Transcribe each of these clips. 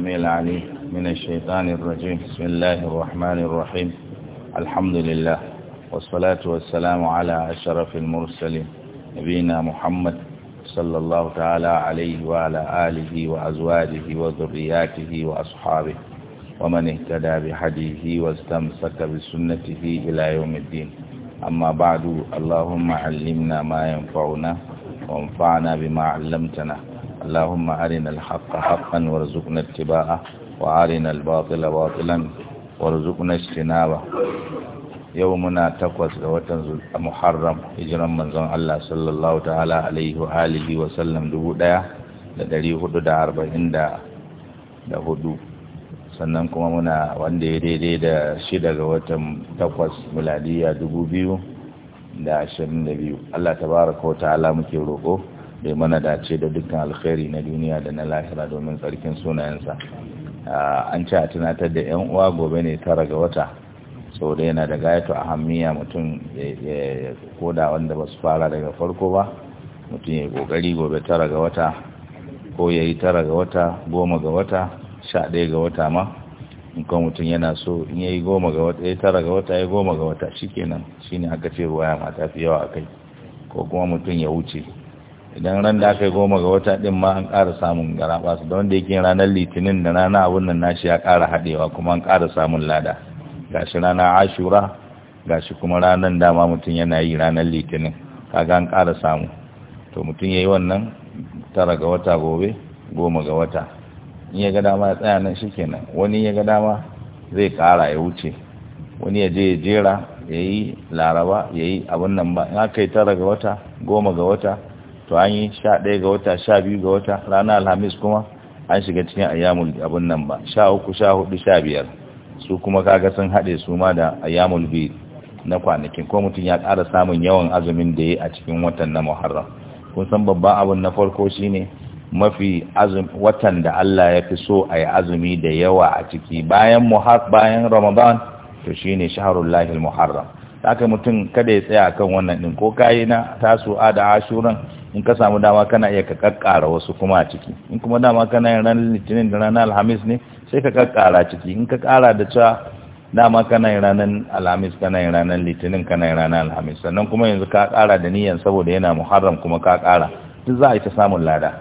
العلي من الشيطان الرجيم بسم الله الرحمن الرحيم الحمد لله والصلاة والسلام على أشرف المرسلين نبينا محمد صلى الله تعالى عليه وعلى آله وأزواجه وذرياته وأصحابه ومن اهتدى بحديه واستمسك بسنته إلى يوم الدين أما بعد اللهم علمنا ما ينفعنا وانفعنا بما علمتنا اللهم أرنا الحق حقا وارزقنا اتباعه وأرنا الباطل باطلا وارزقنا اجتنابه يومنا تقوس وتنزل محرم هجرا من زن الله صلى الله تعالى عليه وآله وسلم دبودا لدري هدو دا أربعين دا da hudu sannan kuma muna wanda ya daidai da shida ga watan takwas miladiya dubu biyu da ashirin da biyu allah tabaraka wa ta'ala muke roƙo da mana dace da dukkan alkhairi na duniya da na lahira domin tsarkin sunayensa an ci a tunatar da yan uwa gobe ne tara ga wata sau da yana da gayatu a hamiya mutum ya koda wanda ba su fara daga farko ba mutum ya kokari gobe tara ga wata ko ya yi tara ga wata goma ga wata sha ɗaya ga wata ma in kuma mutum yana so in ya yi goma ga wata ya tara ga wata ya goma ga wata shi kenan shi ne aka ce ruwa ya mata fi yawa a kai ko kuma mutum ya wuce idan ran da aka yi goma ga wata din ma an ƙara samun garaba su don da yake ranar litinin da rana abun nan nashi ya ƙara haɗewa kuma an ƙara samun lada gashi rana ashura gashi kuma ranar dama mutum yana yi ranar litinin kaga an ƙara samu to mutum ya yi wannan tara ga wata gobe goma ga wata in ya ga dama ya tsaya nan kenan wani ya ga dama zai ƙara ya wuce wani ya je ya jera ya yi laraba ya yi abin ba in aka yi tara ga wata goma ga wata to an yi sha ɗaya ga wata sha biyu ga wata ranar alhamis kuma an shiga cikin ayyamul abin nan ba sha uku sha hudu sha biyar su kuma kaga sun haɗe su ma da ayyamul bi na kwanakin ko mutum ya ƙara samun yawan azumin da ya a cikin watan na muharram kun san babban abin na farko shine mafi azum watan da Allah ya fi so a yi azumi da yawa a ciki bayan bayan ramadan to shine lahil muharram haka mutum kada ya tsaya kan wannan din ko kayi na tasu da ashuran in ka samu dama kana iya ka kakkara wasu kuma a ciki in kuma dama kana yin ranar litinin da ranar alhamis ne sai ka kakkara ciki in ka kara da cewa dama kana yin ranar alhamis kana yin ranar litinin kana yin ranar alhamis sannan kuma yanzu ka kara da niyan saboda yana muharram kuma ka kara duk za a yi ta samun lada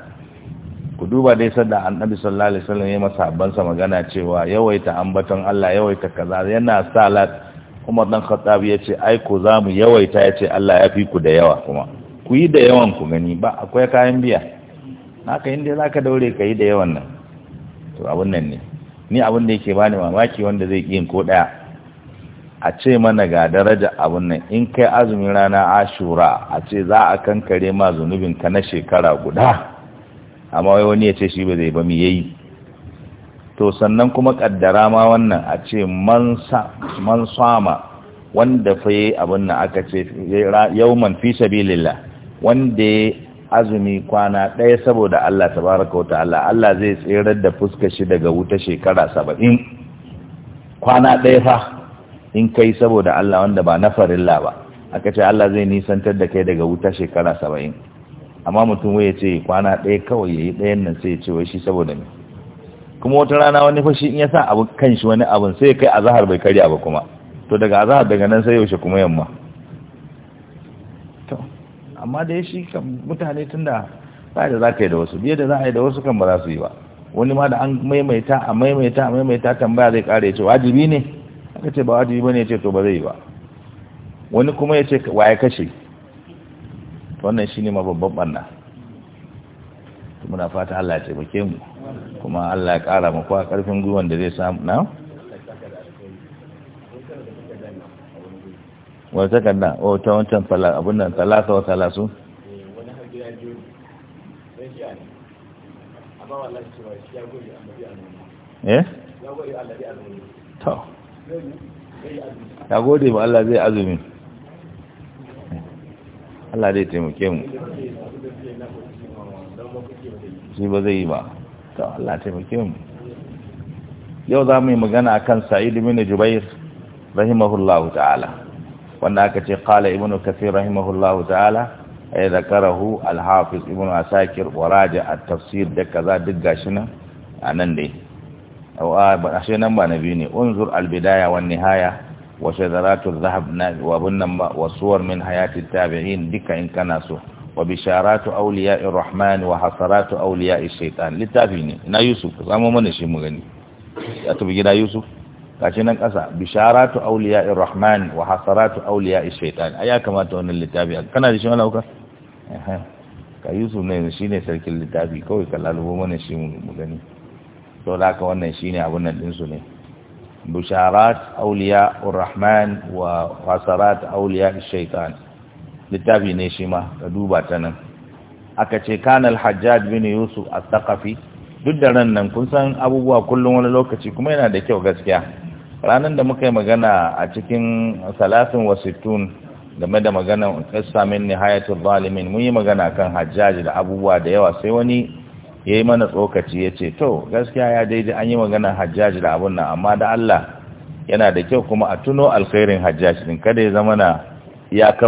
ku duba dai sadda annabi sallallahu alaihi wasallam ya masa magana cewa yawaita ambaton Allah yawaita kaza yana salat Umar dan Khattab yace ai ku zamu yawaita yace Allah ya fi ku da yawa kuma ku yi da yawan ku gani ba akwai kayan biya haka inda za ka daure ka yi da yawan nan to abin nan ne ni abin da yake bani mamaki wanda zai ƙi ko ɗaya a ce mana ga daraja abin nan in kai azumin rana ashura a ce za a kankare ma zunubin ka na shekara guda amma wai wani ya ce shi ba zai ba mi yayi to sannan kuma kaddara ma wannan a ce man sama wanda fa yi abin nan aka ce yauman fi sabilillah wanda ya azumi kwana ɗaya saboda Allah ta baraka wata Allah Allah zai tserar da fuska shi daga wuta shekara saba'in kwana ɗaya fa in kai saboda Allah wanda ba na farilla ba aka ce Allah zai nisantar da kai daga wuta shekara saba'in amma mutum ya ce kwana ɗaya kawai ya yi ɗayan nan sai ya ce wai shi saboda ne. kuma wata rana wani fashi in ya sa abu kan shi wani abun sai kai azahar bai karya ba kuma to daga azahar daga nan sai yaushe kuma yamma amma dai shi kan mutane tunda ba da za ka yi da wasu biye da za a yi da wasu kan ba za su yi ba wani ma da an maimaita a maimaita a maimaita tambaya zai kare ce wajibi ne aka ce ba wajibi ba ne ce to ba zai yi ba wani kuma ya ce waye kashe wannan shi ne mababban ɓanna muna fata Allah ya taimake mu kuma Allah ya ƙara mu kwa ƙarfin gwiwan da zai samu na wani takarda o oh, ta wancan abin nan talaka wa talasu eh, eh ya gode ba Allah zai azumi Allah zai taimake mu shi ba zai yi ba to Allah taimake mu yau za mu yi magana akan sa'idu mini jubair rahimahullahu ta'ala wanda aka ce qala ibnu kafir rahimahullahu ta'ala ay zakarahu al-hafiz ibnu asakir wa raja at-tafsir da kaza duk gashi nan anan dai aw ba ashe nan ba nabi ne unzur al-bidaya wan nihaya wa shadaratu adh-dhahab wa bunnan wa suwar min hayati at-tabi'in dika in kana so wa bisharatu awliya'i rahman wa hasaratu awliya'i shaytan littafi ne na yusuf zamu mana shi mu gani ya tubi gida yusuf gashi nan ƙasa bisharatu auliya rahman wa hasaratu auliya shaitan ai ya kamata wannan littafi kana da shi wannan hauka ka yusuf ne shi ne sarkin littafi kawai ka lalubo mana shi mu gani to da ka wannan shi ne abin din su ne bisharat auliya rahman wa hasarat auliya shaitan littafi ne shi ma ka duba ta nan aka ce kanal hajjaj bin yusuf al-thaqafi duk da ran nan kun san abubuwa kullum wani lokaci kuma yana da kyau gaskiya ranar da muka yi magana a cikin salafin wasittun game da maganan ƙasa min nihayatul zalimin mun yi magana kan hajjaji da abubuwa da yawa sai wani ya yi mana tsokaci ya ce to gaskiya ya daidai an yi maganan hajjaji da abun nan amma da Allah yana da kyau kuma a tuno alkhairin hajjaji din kada ya zama na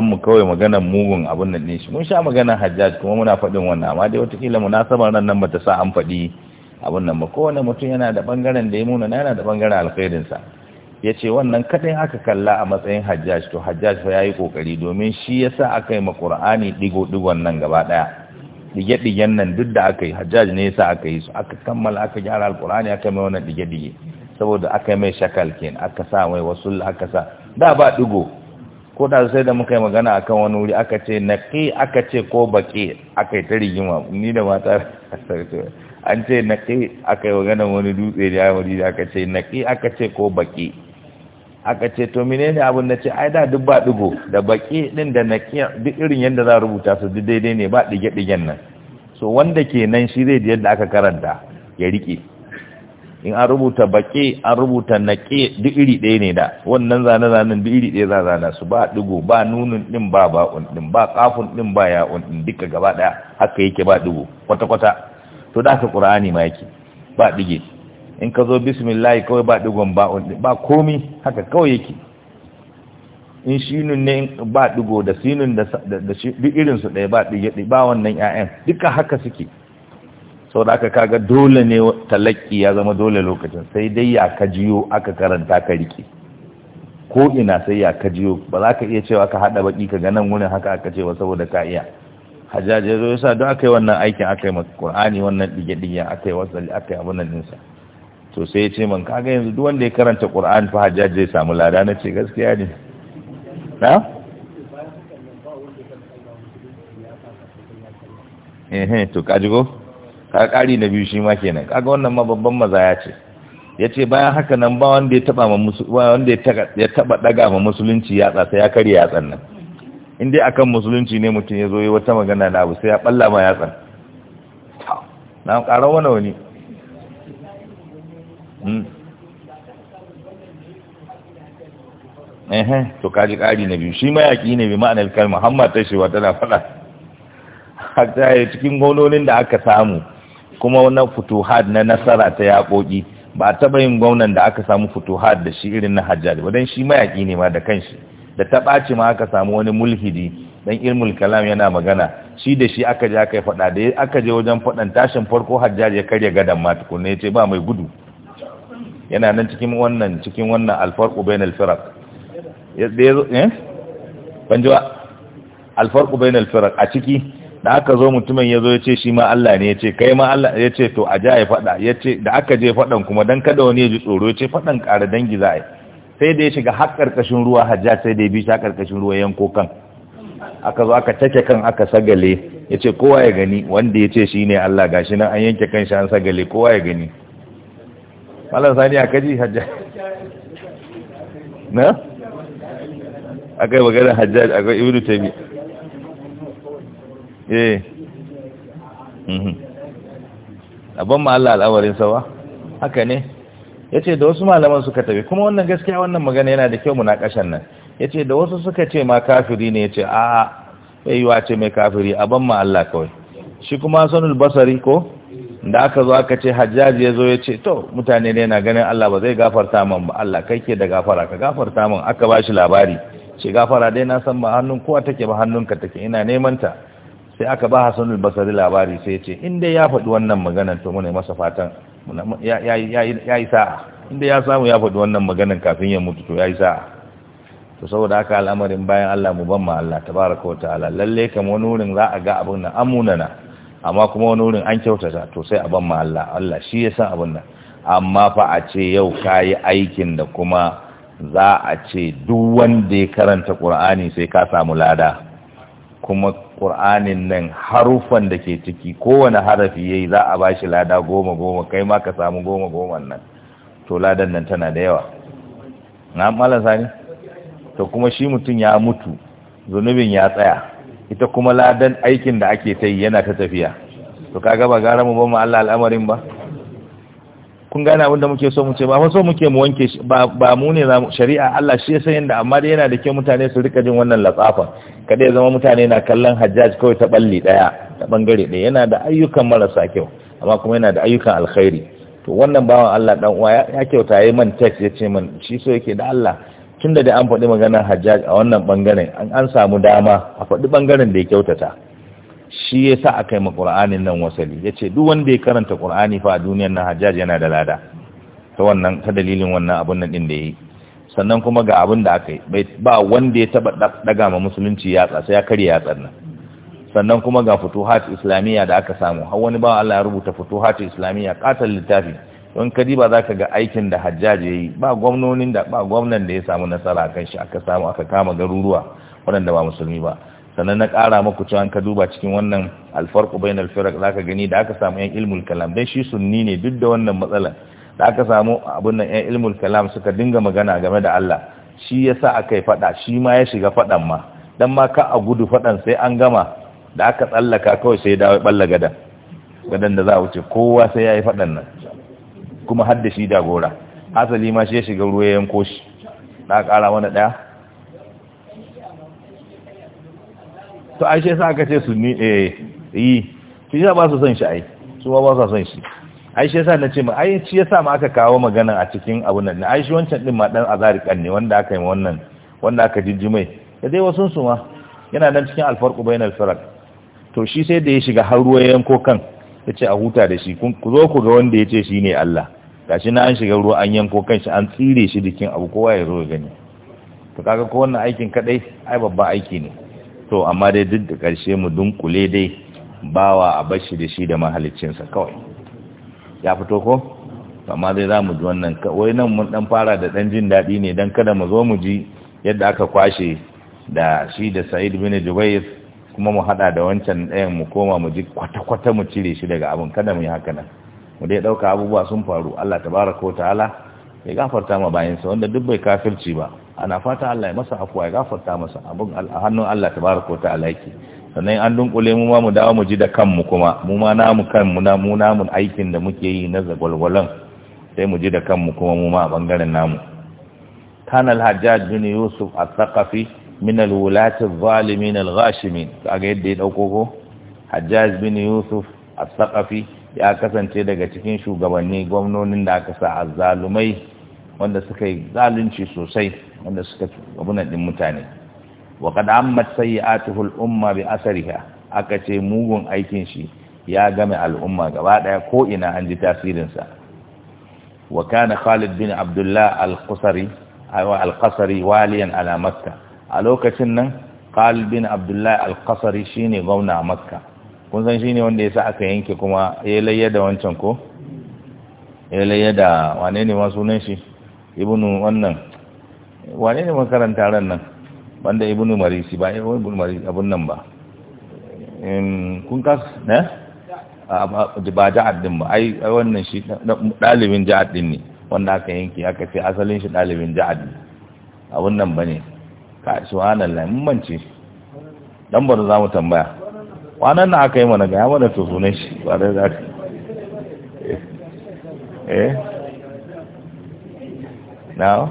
mu kawai maganan mugun abun nan ne shi mun sha maganan hajjaji kuma muna faɗin wannan amma dai watakila munasabar nan nan bata sa an faɗi abun nan ba kowane mutum yana da bangaren da ya muna yana da bangaren sa. ya ce wannan kaɗai aka kalla a matsayin hajjaj to hajjaj fa ya yi kokari domin shi ya sa aka yi makur'ani ɗigo digon nan gaba ɗaya ɗige nan duk da aka yi hajjaj ne ya sa aka yi su aka kammala aka gyara alƙura'ani aka yi mai wannan ɗige-ɗige saboda aka mai shakal ken aka sa mai wasu aka sa da ba ɗigo ko da sai da muka yi magana akan wani wuri aka ce naƙi aka ce ko baƙi aka yi ta rigima ni da mata an ce naƙi aka yi magana wani dutse da ya wuri aka ce naƙi aka ce ko baƙe aka ce to menene abin da ce ai da duk ba dugo da baki din da nakiya duk irin yanda za rubuta su duk daidai ne ba dige digen nan so wanda ke nan shi zai yadda aka karanta ya rike in an rubuta baki an rubuta naƙe duk iri ɗaya ne da wannan zane-zanen duk iri ɗaya za zana su ba ɗigo ba nunin ɗin ba un ɗin ba ƙafun ɗin ba un ɗin duka gaba ɗaya haka yake ba ɗigo kwata-kwata to da ka qur'ani ma yake ba ɗige in ka zo bismillahi kawai ba digon ba'un ba komi haka kawai yake in shinun ne ba digo da sinun da duk irinsu ɗaya ba ɗige ba wannan 'ya'yan duka haka suke sau da aka kaga dole ne talaki ya zama dole lokacin sai dai ya ka jiyo aka karanta ka rike ko ina sai ya ka jiyo ba za ka iya cewa ka haɗa baki ka ga nan wurin haka aka cewa saboda ka iya hajjaji zo ya don aka yi wannan aikin aka yi masu ƙur'ani wannan ɗige-ɗigen aka yi wasu aka yi abunan ninsa to sai ya ce man kaga yanzu duk wanda ya karanta Qur'an fa Hajjaj zai samu lada na ce gaskiya ne na eh to kaji go ka kari na biyu shi ma kenan kaga wannan ma babban mazaya ce yace bayan haka nan ba wanda ya taba wanda ya taba daga ma musulunci ya tsasa ya kare ya tsanna in dai akan musulunci ne mutum ya zo yi wata magana na abu sai ya balla ma ya tsan na ƙara wani wani Hmm. ehe to kaji ƙari na biyu shi mayaki ne bi ma'anar kalma hamma ta shewa tana faɗa hatta ya cikin gwamnonin da aka samu kuma wannan futuhad na nasara ta yaƙoƙi ba a taɓa yin gwamnan da aka samu futuhad da shi irin na hajjaj ba shi mayaki ne ma da kanshi da ta ɓaci ma aka samu wani mulhidi dan ilmul kalam yana magana shi da shi aka je aka yi faɗa da aka je wajen faɗan tashin farko hajjaj ya karya gadan ma tukunne ya ce ba mai gudu yana nan cikin wannan cikin wannan alfarqu bainal firaq eh banjo alfarku bain alfirq a ciki da aka zo mutumin ya zo ya ce shi ma Allah ne ya kai ma Allah ya to a ja ya fada ya da aka je fadan kuma dan kada wani ya ji tsoro yace ce faɗan kara dangi za ai sai da ya shiga har karkashin ruwa hajja sai da ya bi shi karkashin ruwa yanko kan aka zo aka take kan aka sagale yace kowa ya gani wanda ya ce shi ne Allah gashi nan an yanke kan shi an sagale kowa ya gani malam sani a kaji hajja na akai maganar hajjaj akwai ta taymi eh mhm. abin ma Allah al'awarin sawa haka ne Ya ce da wasu malaman suka tafi kuma wannan gaskiya wannan magana yana da kyau muna na kashan nan ce da wasu suka ce ma kafiri ne Ya ce a bai yiwa ce mai kafiri abin ma Allah kawai shi kuma sanul basari ko da aka zo aka ce hajjaji ya zo ya ce to mutane ne na ganin Allah ba zai gafarta min ba Allah kai ke da gafara ka gafarta min aka ba shi labari ce gafara dai na san ba hannun kowa take ba hannunka take ina neman ta sai aka ba Hassan basari basri labari sai ya ce in dai ya faɗi wannan maganar to mu ne masa fatan ya yi sa'a in dai ya samu ya faɗi wannan maganar kafin ya mutu to ya yi sa'a to saboda haka al'amarin bayan Allah mu ban ma Allah tabaraka wa ta'ala lalle kamar wani wurin za a ga abin nan amunana amma kuma wani wurin an kyautata to sai a ban ma Allah Allah shi ya san abin nan amma fa a ce yau kayi aikin da kuma za a ce duk wanda ya karanta ƙur'ani sai ka samu lada kuma ƙur'anin nan harufan da ke ciki kowane harafi yayi za a bashi lada goma goma kai ma ka samu goma goma nan to ladan nan tana da yawa na malasa sani to kuma shi mutum ya mutu zunubin ya tsaya ita kuma ladan aikin da ake ta yi yana ta tafiya to kaga ba gara mu ba mu Allah al'amarin ba kun gane abin da muke so mu ce ba so muke mu wanke ba mu ne za shari'a Allah shi ya san yanda amma dai yana da kyau mutane su rika jin wannan latsafa kada ya zama mutane na kallon Hajjaj kawai ta balli daya ta bangare daya yana da ayyukan marasa kyau amma kuma yana da ayyukan alkhairi to wannan bawan Allah dan uwa ya kyauta yayi man text yace man shi so yake da Allah Tunda da an faɗi maganar hajjaj a wannan ɓangaren an samu dama a faɗi ɓangaren da ya kyautata shi ya sa a kai maƙur'anin nan wasali ya ce duk wanda ya karanta ƙur'ani fa a duniyar nan hajjaj yana da lada ta wannan dalilin wannan abun nan ɗin da ya yi sannan kuma ga abin da aka yi ba wanda ya taɓa ɗaga ma musulunci yatsa sai ya karya yatsar nan sannan kuma ga futuhat islamiyya da aka samu har wani ba Allah ya rubuta futuhat islamiyya katal littafi don kadi ba za ka ga aikin da hajjaji ya yi ba gwamnonin da ba gwamnan da ya samu nasara kan shi aka samu aka kama garuruwa waɗanda ba musulmi ba sannan na ƙara maku cewa ka duba cikin wannan alfarku na alfirak za ka gani da aka samu yan ilmul kalam dan shi sunni ne duk da wannan matsalar da aka samu abin nan yan ilmul kalam suka dinga magana game da Allah shi ya sa aka yi faɗa shi ma ya shiga faɗan ma dan ma ka a gudu faɗan sai an gama da aka tsallaka kawai sai ya dawo balla gadan gadan da za a wuce kowa sai ya yi faɗan nan kuma har da shi jagora asali ma shi ya shiga ruwa yanko shi na ƙara mana ɗaya to ai shi sa aka ce su ni eh yi shi ya ba su son shi ai su ba ba su son shi ai shi yasa ce ma ai shi yasa ma aka kawo magana a cikin abun nan ai shi wancan din ma dan azarikan ne wanda aka yi wannan wanda aka jinjimai. da dai wasun su ma yana nan cikin alfarqu bainal firaq to shi sai da ya shiga har ruwa yanko kan yace a huta da shi ku zo ku ga wanda yace ne Allah gashi na an shiga ruwa an yanko kan shi an tsire shi jikin abu kowa ya zo ya gani to kaga ko wannan aikin kadai ai babban aiki ne to amma dai duk da karshe mu dunkule dai bawa a bashi da shi da sa kawai ya fito ko amma dai za mu ji wannan wai nan mun dan fara da dan jin daɗi ne dan kada mu zo mu ji yadda aka kwashe da shi da sa'id bin jubair kuma mu hada da wancan ɗayan mu koma mu ji kwata-kwata mu cire shi daga abin kada mu yi haka nan mu dai ɗauka abubuwa sun faru Allah tabaraka wa ta'ala ya gafarta ma bayansa wanda duk bai kafirci ba ana fata Allah ya masa afuwa ya gafarta masa abun a hannun Allah tabaraka wa ta'ala yake sannan an dunkule mu ma mu dawo mu ji da kanmu kuma mu ma namu kanmu na mu namu aikin da muke yi na zagwalgwalan sai mu ji da kanmu kuma mu ma a bangaren namu kana al-hajjaj bin yusuf al-thaqafi min al-wulati al-zalimin al-ghashimin kaga yadda ya dauko ko hajjaj bin yusuf al-thaqafi ya kasance daga cikin shugabanni gwamnonin da aka sa azzalumai wanda suka yi zalunci sosai wanda suka abunan din mutane wa Ahmad, ammat sayyi'atuhu al-umma bi asariha aka ce mugun aikin shi ya game al'umma gaba daya ko ina an ji tasirin sa wa kana Khalid bin Abdullah al-Qasri aywa al-Qasri waliyan ala Makkah a lokacin nan Khalid bin Abdullah al-Qasri shine gwamna Makkah kun san shine wanda yasa aka yanke kuma ya layya da wancan ko ya layya da wane ne masunan sunan shi ibnu wannan wane ne makaranta ran nan banda ibnu marisi ba ibnu marisi abun nan ba kun kas ne ba ja'ad din ba ai wannan shi dalibin ja'ad din ne wanda aka yanke aka ce asalin shi dalibin ja'ad ne abun nan bane ka subhanallah mun mance dan bar za mu tambaya kwanan na aka yi mana gaya mana to sunan shi ba da za ka eh? eh now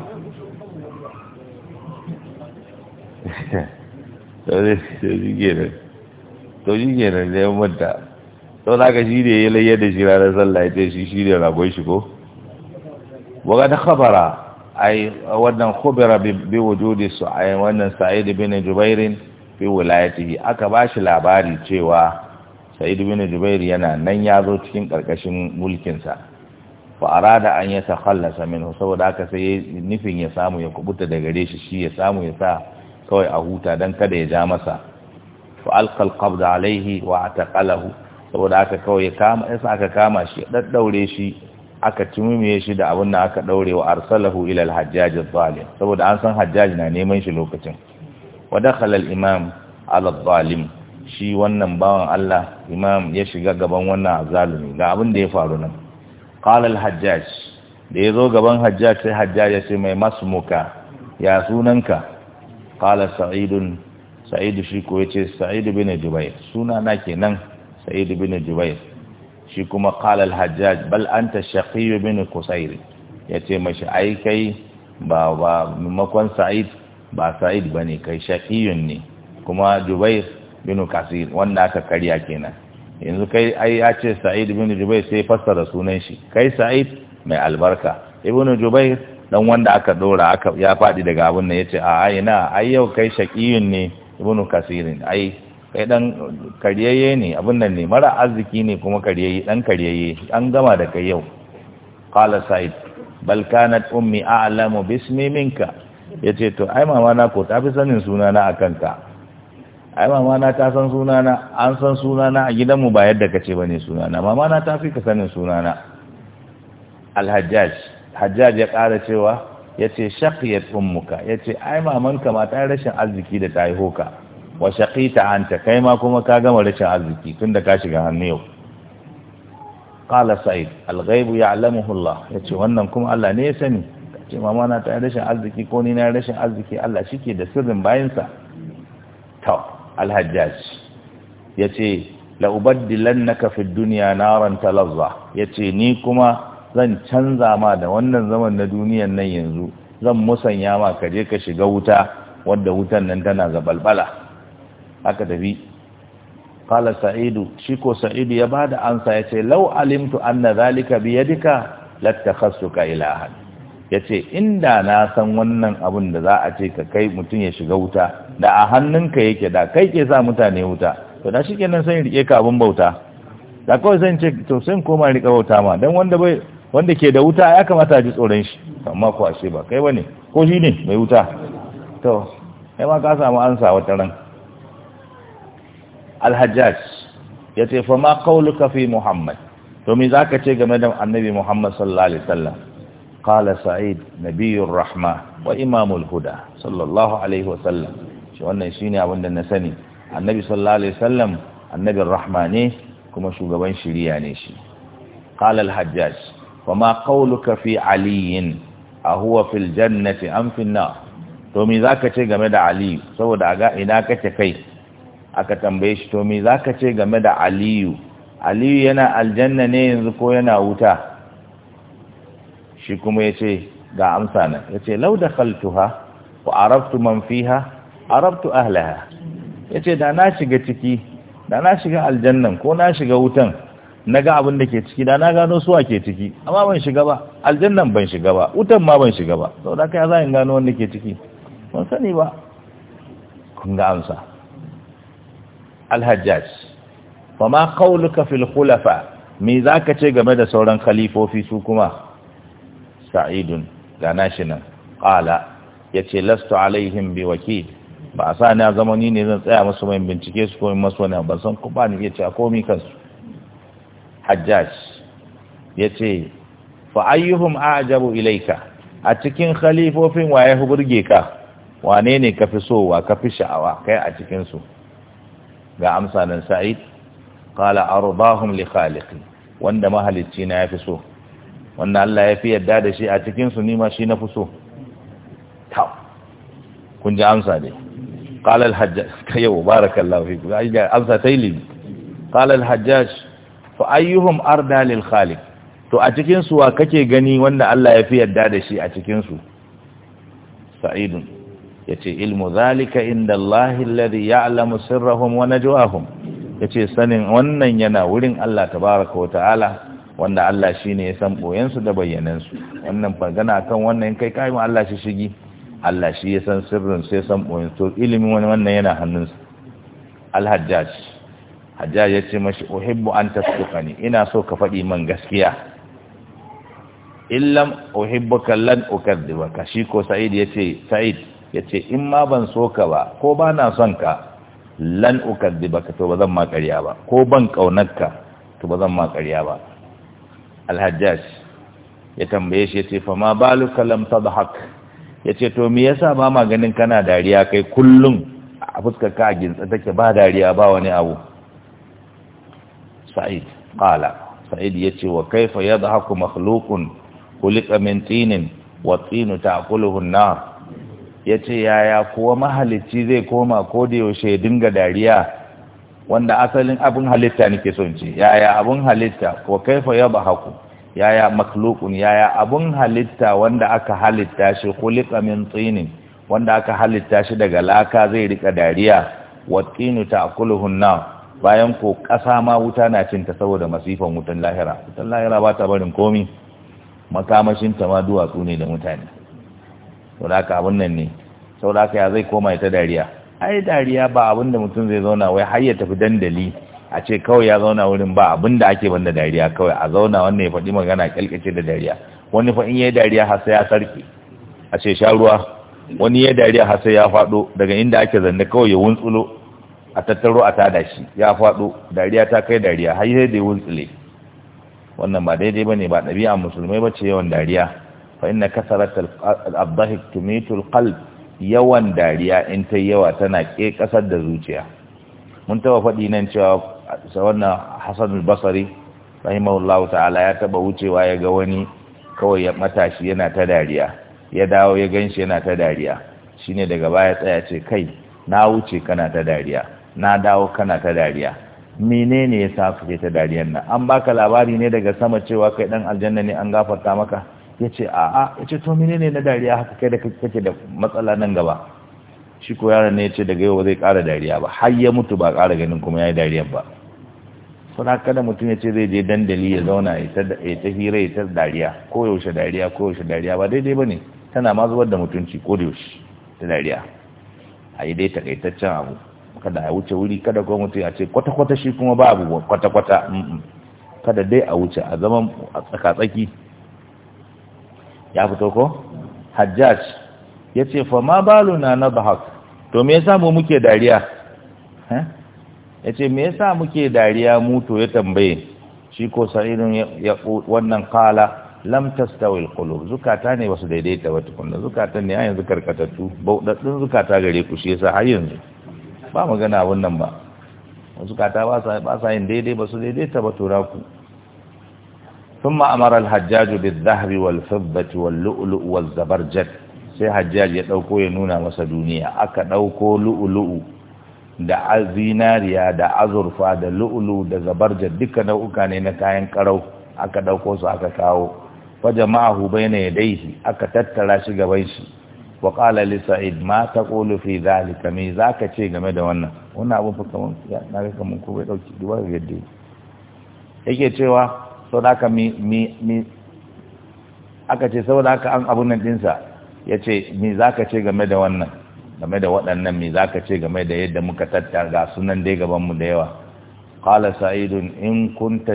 to shi ke nan ya mutta to na ka shi da ya laye da shi ranar sallah ya ce shi shi da ragon shi ko waga ta khabara ai wannan khubara bi wujudi su ai wannan sa'id bin jubairin fi wilayatihi aka ba shi labari cewa sa'id bin jubair yana nan ya zo cikin karkashin mulkinsa fa arada an ya takhallasa minhu saboda aka sai nufin ya samu ya kubuta da gare shi shi ya samu ya sa kawai a huta dan kada ya ja masa fa alqa alqabd alayhi wa ataqalahu saboda haka kawai ya kama sa aka kama shi daure shi aka tumumiye shi da abin da aka daure wa arsalahu ila alhajjaj adh-dhalim saboda an san hajjaj na neman shi lokacin wa dakhala al-imam shi wannan bawan Allah imam ya shiga gaban wannan azalumi ga abin da ya faru nan qala al-hajjaj da yazo gaban hajjaj sai hajjaj ya ce mai masmuka ya sunanka qala sa'idun sa'id shi ko yace sa'id bin jubair suna na kenan sa'id bin jubair shi kuma qala al-hajjaj bal anta shaqiy bin qusair yace mashi ai kai ba ba maimakon sa'id ba sa'id ba ne kai shaqiyun ne kuma jubair bin kasir wanda aka karya kenan yanzu kai ai ya ce sa'id bin jubair sai fassara sunan shi kai sa'id mai albarka ibnu jubair dan wanda aka dora aka ya faɗi daga abun nan yace a aina ai yau kai shaqiyun ne ibnu kasirin ai kai dan kariyayye ne abun nan ne mara arziki ne kuma kariyayye dan kariyayye an gama da yau qala sa'id bal kanat ummi a'lamu bismi minka ya ce to ai mama na ko ta fi sanin sunana a kanta. ai mama na ta san sunana an san sunana a gidanmu ba yadda ka ce ba ne sunana mama na ta fi ka sanin sunana alhajjaj hajjaj ya ƙara cewa ya ce shaƙiyar ummuka ya ce ai mamanka ma ta rashin arziki da ta haihu ka wa shaƙita anta kai ma kuma ka gama rashin arziki tunda ka shiga hannu yau qala sa'id alghaibu ya allah ya ce wannan kuma allah ne ya sani ce mama na ta rashin arziki ko ni na rashin arziki Allah shike da sirrin bayansa ta alhajjaj ya ce la'ubaddilannaka duniya na naran talazza ya ce ni kuma zan canza ma da wannan zaman na duniyan nan yanzu zan musanya ma ka je ka shiga wuta wadda wutan nan tana ga balbala? haka tafi qala sa'idu shi ko sa'idu ya bada ansa ya ce lau alimtu anna zalika bi suka lattakhasuka ilahan ya ce inda na san wannan abin da za a ce ka kai mutum ya shiga wuta da a hannunka yake da kai ke sa mutane wuta to da shi nan sai rike ka abin bauta da kawai sai ce to sai koma rika bauta ma dan wanda ke da wuta ya kamata ji tsoron shi amma ko ashe ba kai bane ko shi ne mai wuta to kai ma ka samu ansa wata ran al-hajjaj yace fama ma qawluka fi muhammad to me zaka ce game da annabi muhammad sallallahu alaihi wasallam قال سعيد نبي الرحمة وإمام الهدى صلى الله عليه وسلم wannan shine abin da na sani annabi sallallahu alaihi annabin rahma ne kuma shugaban shiriya ne shi qala al-hajjaj wama qawluka fi aliyin a huwa fil jannati am fil nar game da ali saboda ina kake kai aka tambaye shi Tomi za zaka ce game da aliyu aliyu yana aljanna ne yanzu ko yana wuta shi kuma ya ce ga amsa nan ya ce lau da kaltuha ku arabtu man fiha arabtu ahlaha ya ce da na shiga ciki da na shiga aljannan ko na shiga wutan na ga abin da ke ciki da na gano suwa ke ciki amma ban shiga ba aljannan ban shiga ba wutan ma ban shiga ba sau da kai za in gano wanda ke ciki ban sani ba kun ga amsa alhajjaj fa ma qawluka fil khulafa me ka ce game da sauran khalifofi su kuma sa'idun ga nashi nan qala yace lastu alaihim biwakil ba a sa ni a zamani ne zan tsaya musu mai bincike su ko masu wani ba san ku ba ni iya a komai kansu hajjaj yace fa ayyuhum a'jabu ilaika a cikin khalifofin waye fi burge ka wane ne ka fi sowa ka fi sha'awa kai a cikin su ga amsa nan sa'id qala arbahum li khaliqi wanda mahalicci na ya fi so Wannan Allah ya fi yadda da shi a cikinsu su nima shi na fuso? so ta kun ji amsa ne qala al-hajjaj kayo barakallahu fiku ai ga amsa ta yi qala al-hajjaj fa ayyuhum arda lil to a cikinsu wa kake gani wanda Allah ya fi yadda da shi a cikinsu? su ya ce ilmu zalika inda Allahi Allah alladhi ya'lamu sirrahum wa Ya ce sanin wannan yana wurin Allah tabaaraka wa ta'ala wanda Allah shi ne ya san ɓoyensu da bayyanansu wannan magana kan wannan kai ma Allah shi shigi Allah shi ya san sirrin sai san ɓoyensu ilimin wani wannan yana hannunsa alhajjaj hajjaj ya ce mashi uhibbu an tasduqa ni ina so ka faɗi man gaskiya illam kallan lan ka shi ko sa'id yace sa'id ce in ma ban so ka ba ko ba na son ka lan ka to ba zan ma ƙarya ba ko ban ka to ba zan ma ƙarya ba alhajjaj ya tambaye shi ya ce fa ma balu lam tadhak ya ce to me yasa ba ma ganin kana dariya kai kullum a fuskar ka gintsa take ba dariya ba wani abu sa'id qala sa'id ya ce wa kaifa yadhaku makhluqun khuliqa min tinin wa tinu ta'kuluhu an-nar ya ce yaya kuwa mahalicci zai koma ko da yaushe dinga dariya wanda asalin abin halitta nake son ce yaya abin halitta ko kaifa haku yaya makhluqun yaya abun halitta wanda aka halitta shi khuliqa min tinin wanda aka halitta shi daga laka zai rika dariya wa tinu ta'kuluhun na bayan ko kasa ma wuta na cin ta saboda masifan wutan lahira wutan lahira ba ta barin komi makamashin ta ma duwatsu ne da mutane saboda haka abin nan ne saboda haka ya zai koma ta dariya ai dariya ba abin da mutum zai zauna wai har ya tafi dandali a ce kawai ya zauna wurin ba abin da ake banda dariya kawai a zauna wannan ya faɗi magana kyalkace da dariya wani fa in yayi dariya har sai ya sarki a ce sha ruwa wani ya dariya har sai ya faɗo daga inda ake zanne kawai ya wuntsulo a tattaro a tada shi ya faɗo dariya ta kai dariya har sai da wuntsule wannan ba daidai bane ba ɗabi'a musulmai ba ce yawan dariya fa inna kasaratul abdahik tumitul qalb yawan dariya in ta yawa tana ke kasar da zuciya mun taba faɗi nan cewa wannan hassan basari rahimahullahu ta'ala ya taba wucewa ya ga wani kawai ya matashi yana ta dariya ya dawo ya ganshi yana ta dariya shine daga baya tsaya ce kai na wuce kana ta dariya na dawo kana ta dariya menene ya sa kake ta dariyan nan an baka labari ne daga sama cewa kai dan aljanna ne an gafarta maka ya ce a'a ya ce to ne na dariya haka kai da kake da matsala nan gaba shi ko yaron ne ya ce daga yau ba zai kara dariya ba har ya mutu ba kara ganin kuma ya yi dariya ba suna kada mutum ya ce zai je dandali ya zauna ya ta hira ya ta dariya ko yaushe dariya ko yaushe dariya ba daidai ba ne tana ma zubar da mutunci ko da yaushe ta dariya a yi dai takaitaccen abu kada a wuce wuri kada ko mutum ya ce kwata-kwata shi kuma ba abu kwata-kwata kada dai a wuce a zaman a tsaka-tsaki ya fito ko hajjaj ya ce fa ma baluna na bahak to me yasa mu muke dariya ya ce me yasa muke dariya mu to ya tambaye shi ko sa'idun ya wannan kala lam tastawil qulub zukata ne wasu daidaita ba tukunna zukatan ne yanzu karkatattu baudaddun zukata gare ku shi yasa har yanzu ba magana wannan ba zukata ba sa ba sa yin daidai ba su daidaita ba tura ku ثم أمر الحجاج بالذهب والفضة واللؤلؤ والزبرجد sai Hajjaji ya ɗauko ya nuna masa duniya aka ɗauko lu'ulu'u da zinariya da azurfa da lu'ulu da zabarjar duka nau'uka ne na kayan karau aka ɗauko su aka kawo fa jama'ahu bayna yadayhi aka tattara shi gaban shi wa qala li sa'id ma taqulu fi dhalika me zaka ce game da wannan wannan abun fa kaman na ga kaman ko bai dauki duba ga yadda yake cewa sau da aka mi mi aka ce da aka an abun nan dinsa ya ce mi za ka ce game da wannan game da waɗannan mi za ka ce game da yadda muka tattara sunan dai gabanmu da yawa ƙala sa'idun in kunta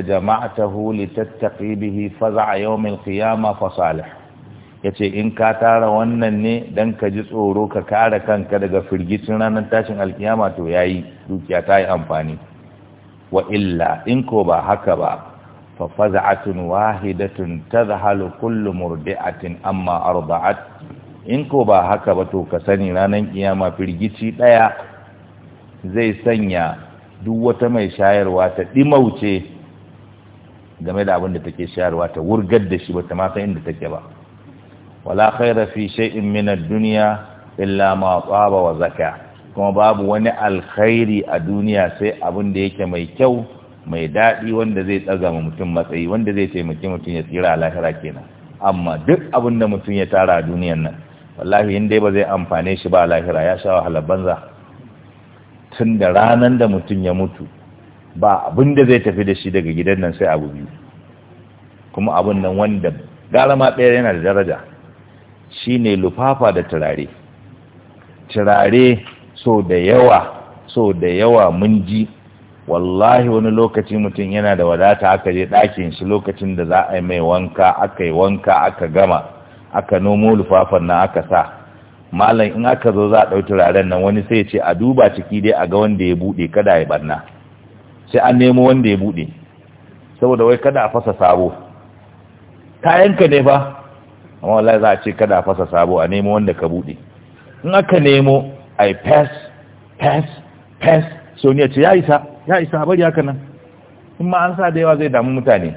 huli tattaki bihi a yau mai kiyama fa salih ce, in ka tara wannan ne don ka ji tsoro ka kare kanka daga firgicin ranar tashin alkiyama to yi dukiya ta yi amfani wa illa in ko ba haka ba fa faz'atun wahidatun tadhalu kullu murdi'atin amma arda'at in ko ba haka ba to ka sani ranar kiyama firgici daya zai sanya duk wata mai shayarwa ta ɗimauce game da abin da take shayarwa ta wurgar da shi ba ta masa inda take ba wala khaira fi shay'in min ad illa ma tsaba wa zaka kuma babu wani alkhairi a duniya sai abin da yake mai kyau mai daɗi wanda zai tsaga ma mutum matsayi wanda zai taimaki mutum ya tsira a lahira kenan amma duk abin da mutum ya tara a duniyan nan wallahi in dai ba zai amfane shi ba a lahira ya sha wahalar banza tun da ranar da mutum ya mutu ba abin da zai tafi da shi daga gidan nan sai abu biyu kuma abin nan wanda gara ma ɗaya yana da daraja Shi ne lufafa da turare turare so da yawa so da yawa mun ji wallahi wani lokaci mutum yana da wadata aka je ɗakin shi lokacin da za a yi mai wanka aka yi wanka aka gama aka nomo lufafan nan aka sa malam in aka zo za a ɗau turaren nan wani sai ce a duba ciki dai a ga wanda ya buɗe kada ya barna sai an nemo wanda ya buɗe saboda wai kada a fasa sabo kayanka ne fa amma wallahi za a ce kada a fasa sabo a nemo wanda ka buɗe in aka nemo a yi pes pes pes so ne ce ya sa ya isa a bari haka nan in ma an sa da yawa zai damu mutane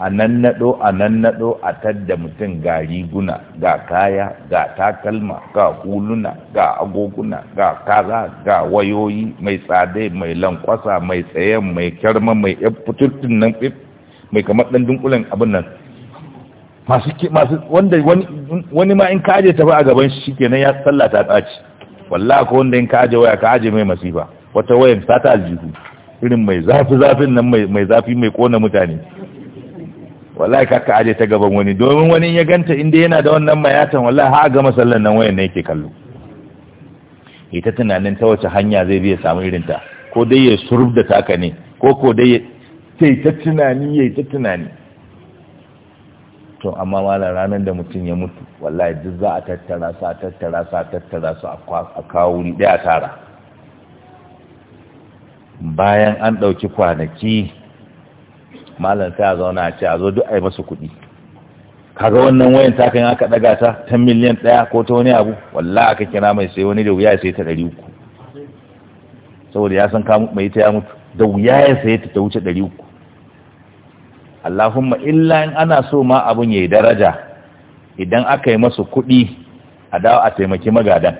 a nan naɗo a nan naɗo a tadda mutum ga riguna ga kaya ga takalma ga huluna ga agoguna ga kaza ga wayoyi mai tsadai mai lankwasa mai tsayen mai kyarma mai yan fitattun nan mai kamar ɗan dunkulen abin nan masu wanda wani ma in kaje ta ba a gaban shi kenan ya a tsaci wallahi ko wanda in kaje waya kaje mai masifa wata wayan sata aljihu irin mai zafi zafin nan mai zafi mai kona mutane wallahi kaka aje ta gaban wani domin wani ya ganta inda yana da wannan mayatan wallahi ha ga masallan nan wayan ne yake kallo ita tunanin ta wace hanya zai biya samu irin ta ko dai ya surub da taka ne ko ko dai ya ta tunani yayi ta tunani to amma mala ranar da mutum ya mutu wallahi duk za a tattara su a tattara su a tattara su a kawo ni daya tara bayan an ɗauki kwanaki malam sai a zauna ce a zo duk a yi masu kuɗi kaga wannan wayan ta kan aka ɗaga ta ta miliyan ɗaya ko ta wani abu wallah aka kira mai sai wani da wuya ya sai ta ɗari uku saboda ya san kamu mai ta ya mutu da wuya ya sai ta wuce ɗari uku Allahumma illa in ana so ma abun ya yi daraja idan aka yi masu kuɗi a dawo a taimaki magadan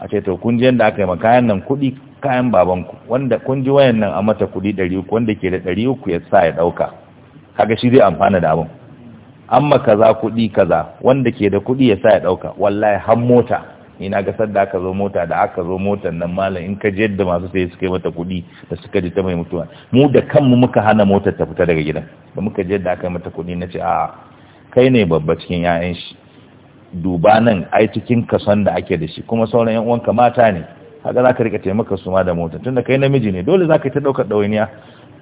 a ce to kun da aka yi makayan nan kuɗi kayan babanku wanda kun ji wayan nan a mata kudi 300 wanda ke da 300 ya sa ya dauka kaga shi zai amfana da abin amma kaza kuɗi kaza wanda ke da kuɗi ya sa ya dauka wallahi har mota ina na ga sadda aka zo mota da aka zo motan nan malam in ka yadda masu sai suka yi mata kudi da suka ji ta mai mutuwa mu da kanmu muka hana motar ta fita daga gidan da muka yadda aka yi mata kuɗi na ce a kai ne babba cikin 'ya'yan shi duba nan ai cikin kason da ake da shi kuma sauran 'yan uwanka mata ne kaga zaka rika taimaka su ma da mota tunda kai namiji ne dole zaka ta daukar dawainiya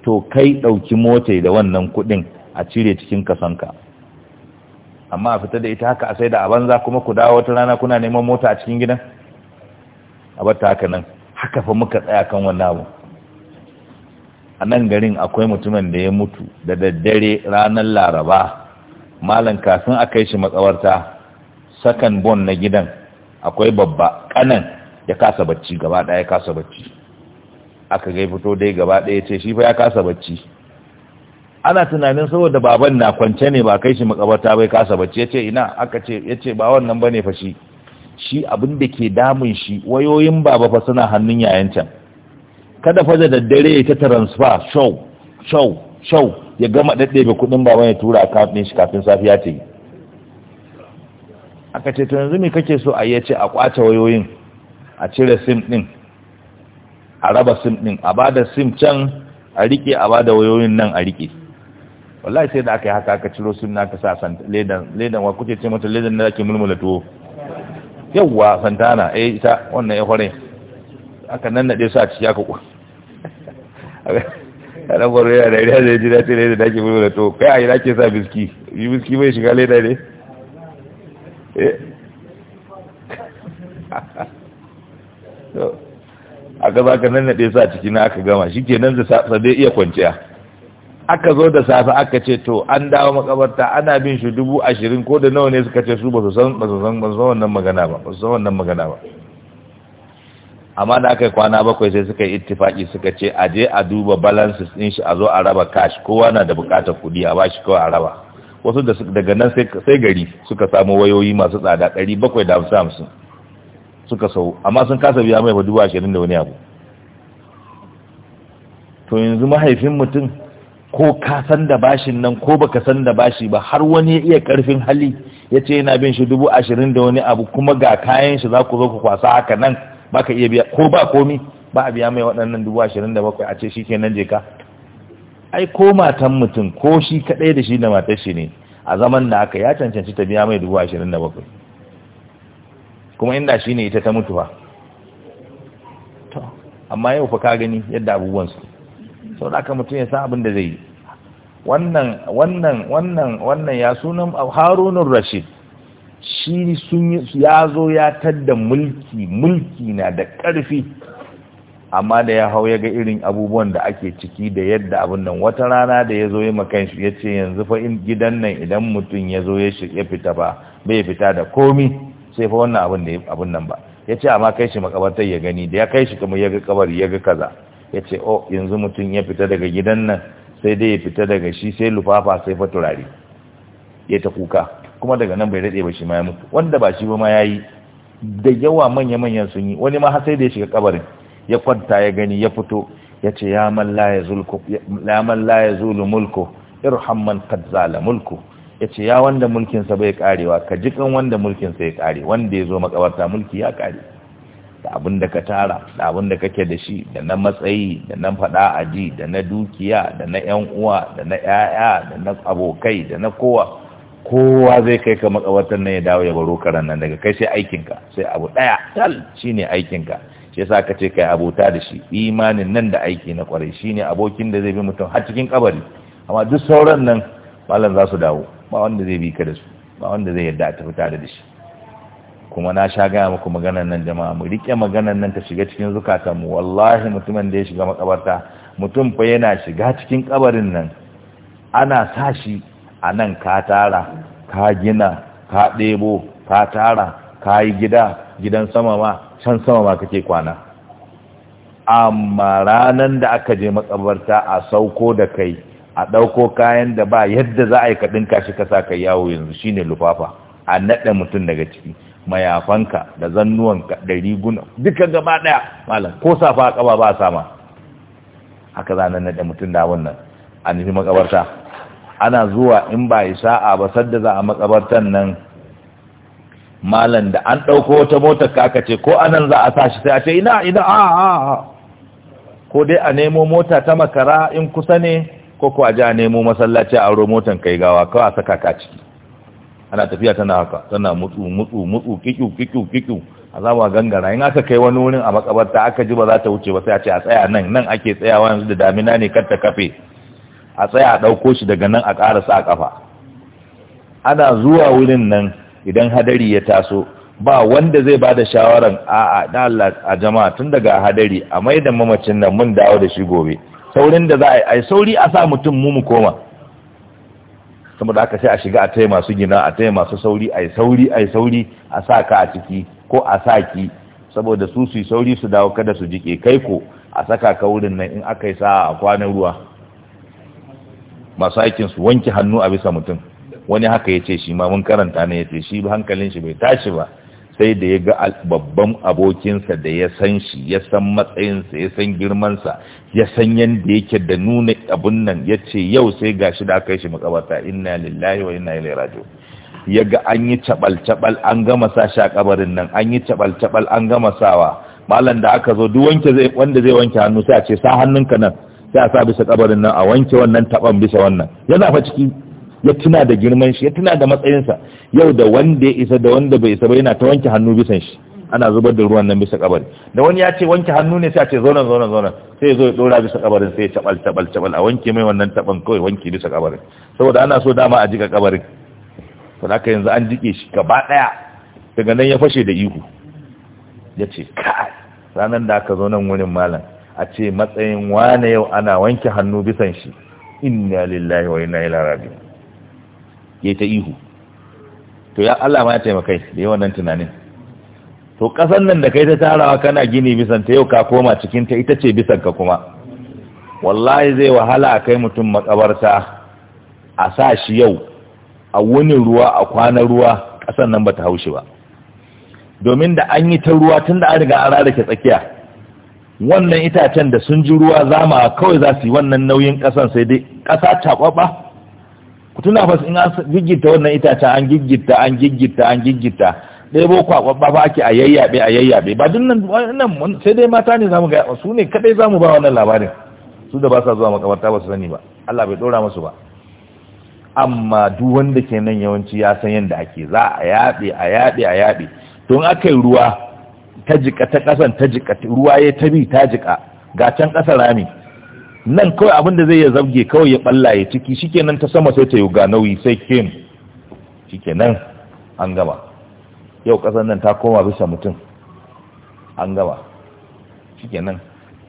to kai ɗauki mota da wannan kuɗin a cire cikin kasanka amma a fita da ita haka a sai da a banza kuma ku dawo wata rana kuna neman mota a cikin gidan a bata haka nan haka fa muka tsaya kan wannan abu a nan garin akwai mutumin da ya mutu da daddare ranar laraba malam kafin a kai shi matsawarta sakan bon na gidan akwai babba kanan ya kasa bacci gaba daya ya kasa bacci aka gai fito dai gaba daya ce shi fa ya kasa bacci ana tunanin saboda baban na kwance ne ba kai shi makabarta bai kasa bacci yace ina aka ce yace ba wannan bane fa shi shi abin da ke damun shi wayoyin baba fa suna hannun yayan can kada fa da daddare ya ta transfer show show show ya gama daddebe kudin baba ya tura account din shi kafin safiya ta yi aka ce to yanzu me kake so a yace a kwace wayoyin a cire sim din a raba sim din a bada sim can a rike a bada wayoyin nan a rike wallahi sai da aka yi haka aka ciro sim na ka sa ledan ledan wa kuke ce mata ledan da ake mulmula tuwo yawwa santana eh ita wannan ya kware aka nan nade su a ciki aka ku a nan gwaro yana da iriya zai ji dace ledan da ake mulmula tuwo kai a yi ake sa biski yi biski mai shiga leda ne eh ga za ka nannaɗe sa ciki na aka gama shi ke nan da safe dai iya kwanciya aka zo da safe aka ce to an dawo makabarta ana bin shi dubu ashirin ko da nawa ne suka ce su ba su san wannan magana ba ba su san wannan magana ba amma da aka yi kwana bakwai sai suka yi ittifaki suka ce a je a duba balances din shi a zo a raba cash kowa na da bukatar kuɗi a bashi kawai a raba wasu daga nan sai gari suka samu wayoyi masu tsada bakwai da hamsin hamsin. suka sau amma sun kasa biya mai dubu ashirin da wani abu to yanzu mahaifin mutum ko ka san da bashin nan ko baka san da bashi ba har wani ya iya karfin hali ya ce yana bin shi dubu ashirin da wani abu kuma ga kayan shi za ku zo ku kwasa haka nan ba ka iya biya ko ba komi ba a biya mai waɗannan dubu ashirin da bakwai a ce shi kenan je ka ai ko matan mutum ko shi kaɗai da shi da matar shi ne a zaman da aka ya cancanci ta biya mai dubu ashirin da bakwai kuma inda shi ne ita ta mutu ba amma yau fa ka gani yadda abubuwan su sau da aka mutum ya san abin da zai yi wannan wannan wannan wannan ya sunan harunan rashid shi sun ya zo ya tadda mulki mulki na da ƙarfi amma da ya hau ya ga irin abubuwan da ake ciki da yadda abin nan wata rana da ya zo ya ya ce yanzu fa gidan nan idan mutum ya zo ya fita ba bai fita da komi sai fa wannan abin da abin nan ba ya ce amma kai shi makabartar ya gani da ya kai shi kuma ya ga kabar ya ga kaza ya ce oh yanzu mutum ya fita daga gidan nan sai dai ya fita daga shi sai lufafa sai fa turare ya ta kuka kuma daga nan bai daɗe ba shi ma ya mutu wanda ba shi ba ma yayi yi da yawa manya-manyan sun yi wani ma har sai da ya shiga kabarin ya kwanta ya gani ya fito ya ce ya man la ya zulu mulku irham man qad zala mulku ya ce ya wanda mulkinsa bai karewa ka ji kan wanda mulkinsa ya kare wanda ya zo makabarta mulki ya kare da abin da ka tara da abin da kake da shi da na matsayi da na fada a ji, da na dukiya da na yan uwa da na yaya da na abokai da na kowa kowa zai kai ka makabartar nan ya dawo ya baro karan nan daga kai sai aikinka sai abu daya tal shine aikinka shi yasa ka ce kai abota da shi imanin nan da aiki na kwarai shine abokin da zai bi mutum har cikin kabari amma duk sauran nan malam za su dawo ba wanda zai bi ka da su ba wanda zai yarda a tafi tare da shi kuma na sha gaya muku maganan nan jama'a mu rike maganan nan ta shiga cikin zukatanmu wallahi mutumin da ya shiga makabarta mutum fa yana shiga cikin kabarin nan ana sa shi a nan ka tara ka gina ka ɗebo ka tara ka yi gida gidan sama ma can sama ma kake kwana amma ranar da aka je makabarta a sauko da kai a ɗauko kayan da ba yadda za a yi ka ɗinka shi ka sa ka yawo yanzu shine lufafa a naɗe mutum daga ciki mayafanka da zannuwanka da riguna duka gaba ɗaya malam ko safa a ƙaba ba a sama haka za na naɗe mutum da wannan a nufi makabarta ana zuwa in ba yi sa'a ba sadda za a makabartan nan malam da an ɗauko wata motar ka aka ce ko anan za a sa shi sai a ce ina ina a a ko dai a nemo mota ta makara in kusa ne ko ko a ji nemo masallaci a aro motan kai gawa kawai a saka ka ciki ana tafiya tana haka tana mutsu mutsu mutsu kikiu kikiu kikiu a zama gangara in aka kai wani wurin a makabarta aka ji ba za ta wuce ba sai a ce a tsaya nan nan ake tsayawa yanzu da damina ne kar ta kafe a tsaya a ɗauko shi daga nan a ƙara sa ƙafa ana zuwa wurin nan idan hadari ya taso ba wanda zai ba da shawaran a'a da Allah a jama'a tun daga hadari a maida mamacin nan mun dawo da shi gobe saurin da za a yi a sauri a sa mutum mu mu koma saboda aka sai a shiga a taya masu gina a taya masu sauri a sauri a sauri a sa ka a ciki ko a sa ki saboda su su sauri su dawo kada su jike kai ko a saka ka wurin nan in aka yi sa a kwanan ruwa masu aikin su wanke hannu a bisa mutum wani haka ya ce shi ma mun karanta ne ya ce shi hankalin shi bai tashi ba sai da ya ga babban abokinsa da ya san shi ya san matsayinsa ya san girmansa ya san yadda yake da nuna abun nan ya ce yau sai ga shi da aka yi shi makabarta inna lillahi wa inna ilaihi rajo ya ga an yi cabal-cabal an gama sa shi a kabarin nan an yi cabal-cabal an gama sawa malam da aka zo duk zai wanda zai wanke hannu sai a ce sa hannunka nan sai a sa bisa kabarin nan a wanke wannan taban bisa wannan yana fa ciki ya tuna da girman shi ya tuna da matsayinsa yau da wanda ya isa da wanda bai isa ba yana ta wanke hannu bisan shi ana zubar da ruwan nan bisa kabari da wani ya ce wanke hannu ne sai a ce nan zo nan sai zo ya dora bisa kabarin sai ya tabal tabal tabal a wanke mai wannan taban kawai wanke bisa kabarin saboda ana so dama a jika kabarin to haka yanzu an jike shi gaba daya daga nan ya fashe da ihu ya ce kai ranar da aka zo nan wurin malam a ce matsayin wane yau ana wanke hannu bisan shi inna lillahi wa inna ilaihi raji'un ya ta ihu to ya Allah ma ya taimakai da yi wannan tunanin to ƙasan nan da kai ta tarawa kana gini bisan ta yau ka koma cikin ta ita ce bisan ka kuma wallahi zai wahala a kai mutum makabarta a sa shi yau a wani ruwa a kwana ruwa ƙasan nan ba ta haushi ba domin da an yi ta ruwa tun da an riga an rarrake tsakiya wannan itacen da sun ji ruwa zama kawai za su yi wannan nauyin ƙasan sai dai ƙasa taɓaɓa ku tuna in an giggita wannan itace an giggita an giggita an giggita ɗebo kwakwabba fa ake a yayyabe a yayyabe ba duk nan sai dai mata ne zamu ga su ne kadai zamu ba wannan labarin su da ba sa zuwa makabarta ba su sani ba Allah bai dora musu ba amma duk wanda ke nan yawanci ya san yadda ake za a yaɗe a yaɗe a yaɗe don aka ruwa ta jika ta ƙasan ta jika ruwa ya tabi ta jika ga can ƙasa rami nan kawai abinda zai ya zabge kawai ya ballaye ciki shikenan ta sama sai ta yi ga nauyi sai kim shikenan an gama yau kasar nan ta koma bisa mutum an gama shikenan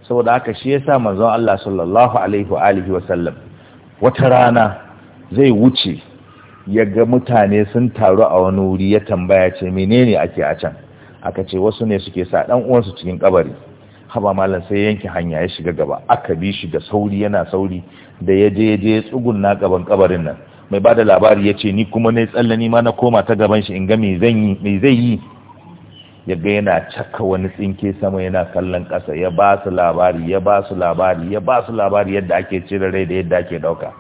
saboda haka shi yasa manzon Allah sallallahu alaihi wa alihi wa sallam wata rana zai wuce ya ga mutane sun taru a wani wuri ya tambaya ce menene ake a can aka ce wasu ne suke sa dan uwansu cikin kabari haba malam sai yanke hanya ya shiga gaba aka bi shi da sauri yana sauri da ya je je tsugun tsugunna gaban kabarin nan mai bada labari ya ce ni kuma ne ni ma na koma ta gaban shi in ga me zai yi ya ga yana caka wani tsinke sama yana kallon kasa ya ba su labari ya ba su labari ya ba su labari yadda ake cire rai da yadda ake dauka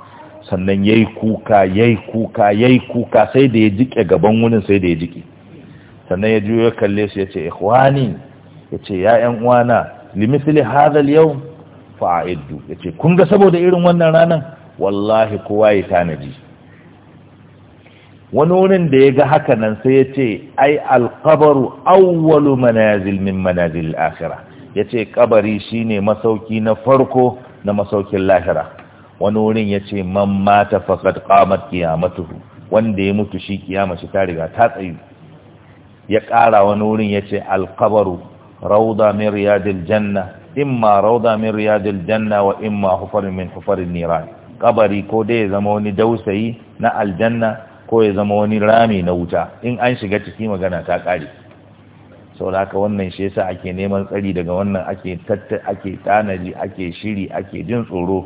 sannan yayi kuka yayi kuka yayi kuka sai da ya jike gaban wurin sai da ya jike sannan ya juyo ya kalle su ya ce ikhwani ya ce ya uwana limithli yau al-yawm fa'iddu yace kun ga saboda irin wannan ranan wallahi kowa ya tanaji wani wurin da ya ga haka nan sai ya ce ai alkabaru auwalu manazil min manazil akhira ya ce kabari shine masauki na farko na masaukin lahira wani wurin ya ce man mata faqad qamat qiyamatuhu wanda ya mutu shi kiyama shi ta riga ta tsayu ya ƙara wani wurin ya ce alkabaru rauda min riyadil janna imma rauda min riyadil janna wa imma hufarin min hufarin niran kabari ko dai ya zama wani dausayi na aljanna ko ya zama wani rami na wuta in an shiga ciki magana ta kare saboda wannan shi yasa ake neman tsari daga wannan ake tatta ake tanaji ake shiri ake jin tsoro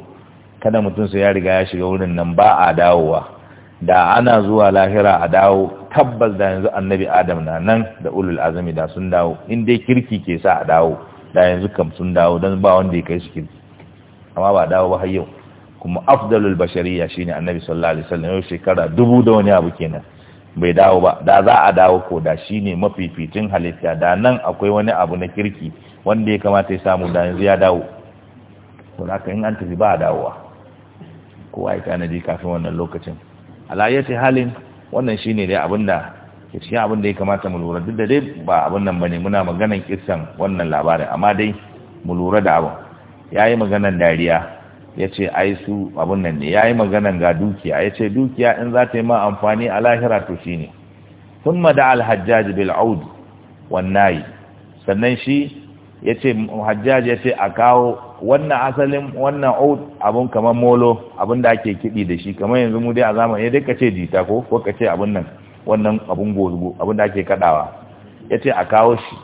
kada mutum sai ya riga ya shiga wurin nan ba a dawowa da ana zuwa lahira a dawo tabbas da yanzu annabi adam na nan da ulul azami da sun dawo in kirki ke sa a dawo da yanzu kam sun dawo don ba wanda ya kai su kirki amma ba dawo ba har yau kuma afdalul bashariya shine annabi sallallahu alaihi wasallam yau shekara dubu da wani abu kenan bai dawo ba da za a dawo ko da shine mafificin halitta da nan akwai wani abu na kirki wanda ya kamata ya samu da yanzu ya dawo ko haka in an tafi ba dawowa kowa ya tanadi kafin wannan lokacin alayyati halin wannan shine dai abinda ke cikin abinda ya kamata mu lura duk da dai ba abin nan ne muna maganan kissan wannan labarin amma dai mu lura da abin yayi maganan dariya yace ai su abin nan ne yayi maganan ga dukiya yace dukiya in za ta yi ma amfani a lahira to shine thumma da al-hajjaj bil aud wan nayi sannan shi yace hajjaj yace a kawo wannan asalin wannan out abun kamar molo abun da ake kiɗi da shi kamar yanzu mu dai a zamani dai ka ce jita ko ko ka abun nan wannan abun gozgo abun da ake kaɗawa ya ce a kawo shi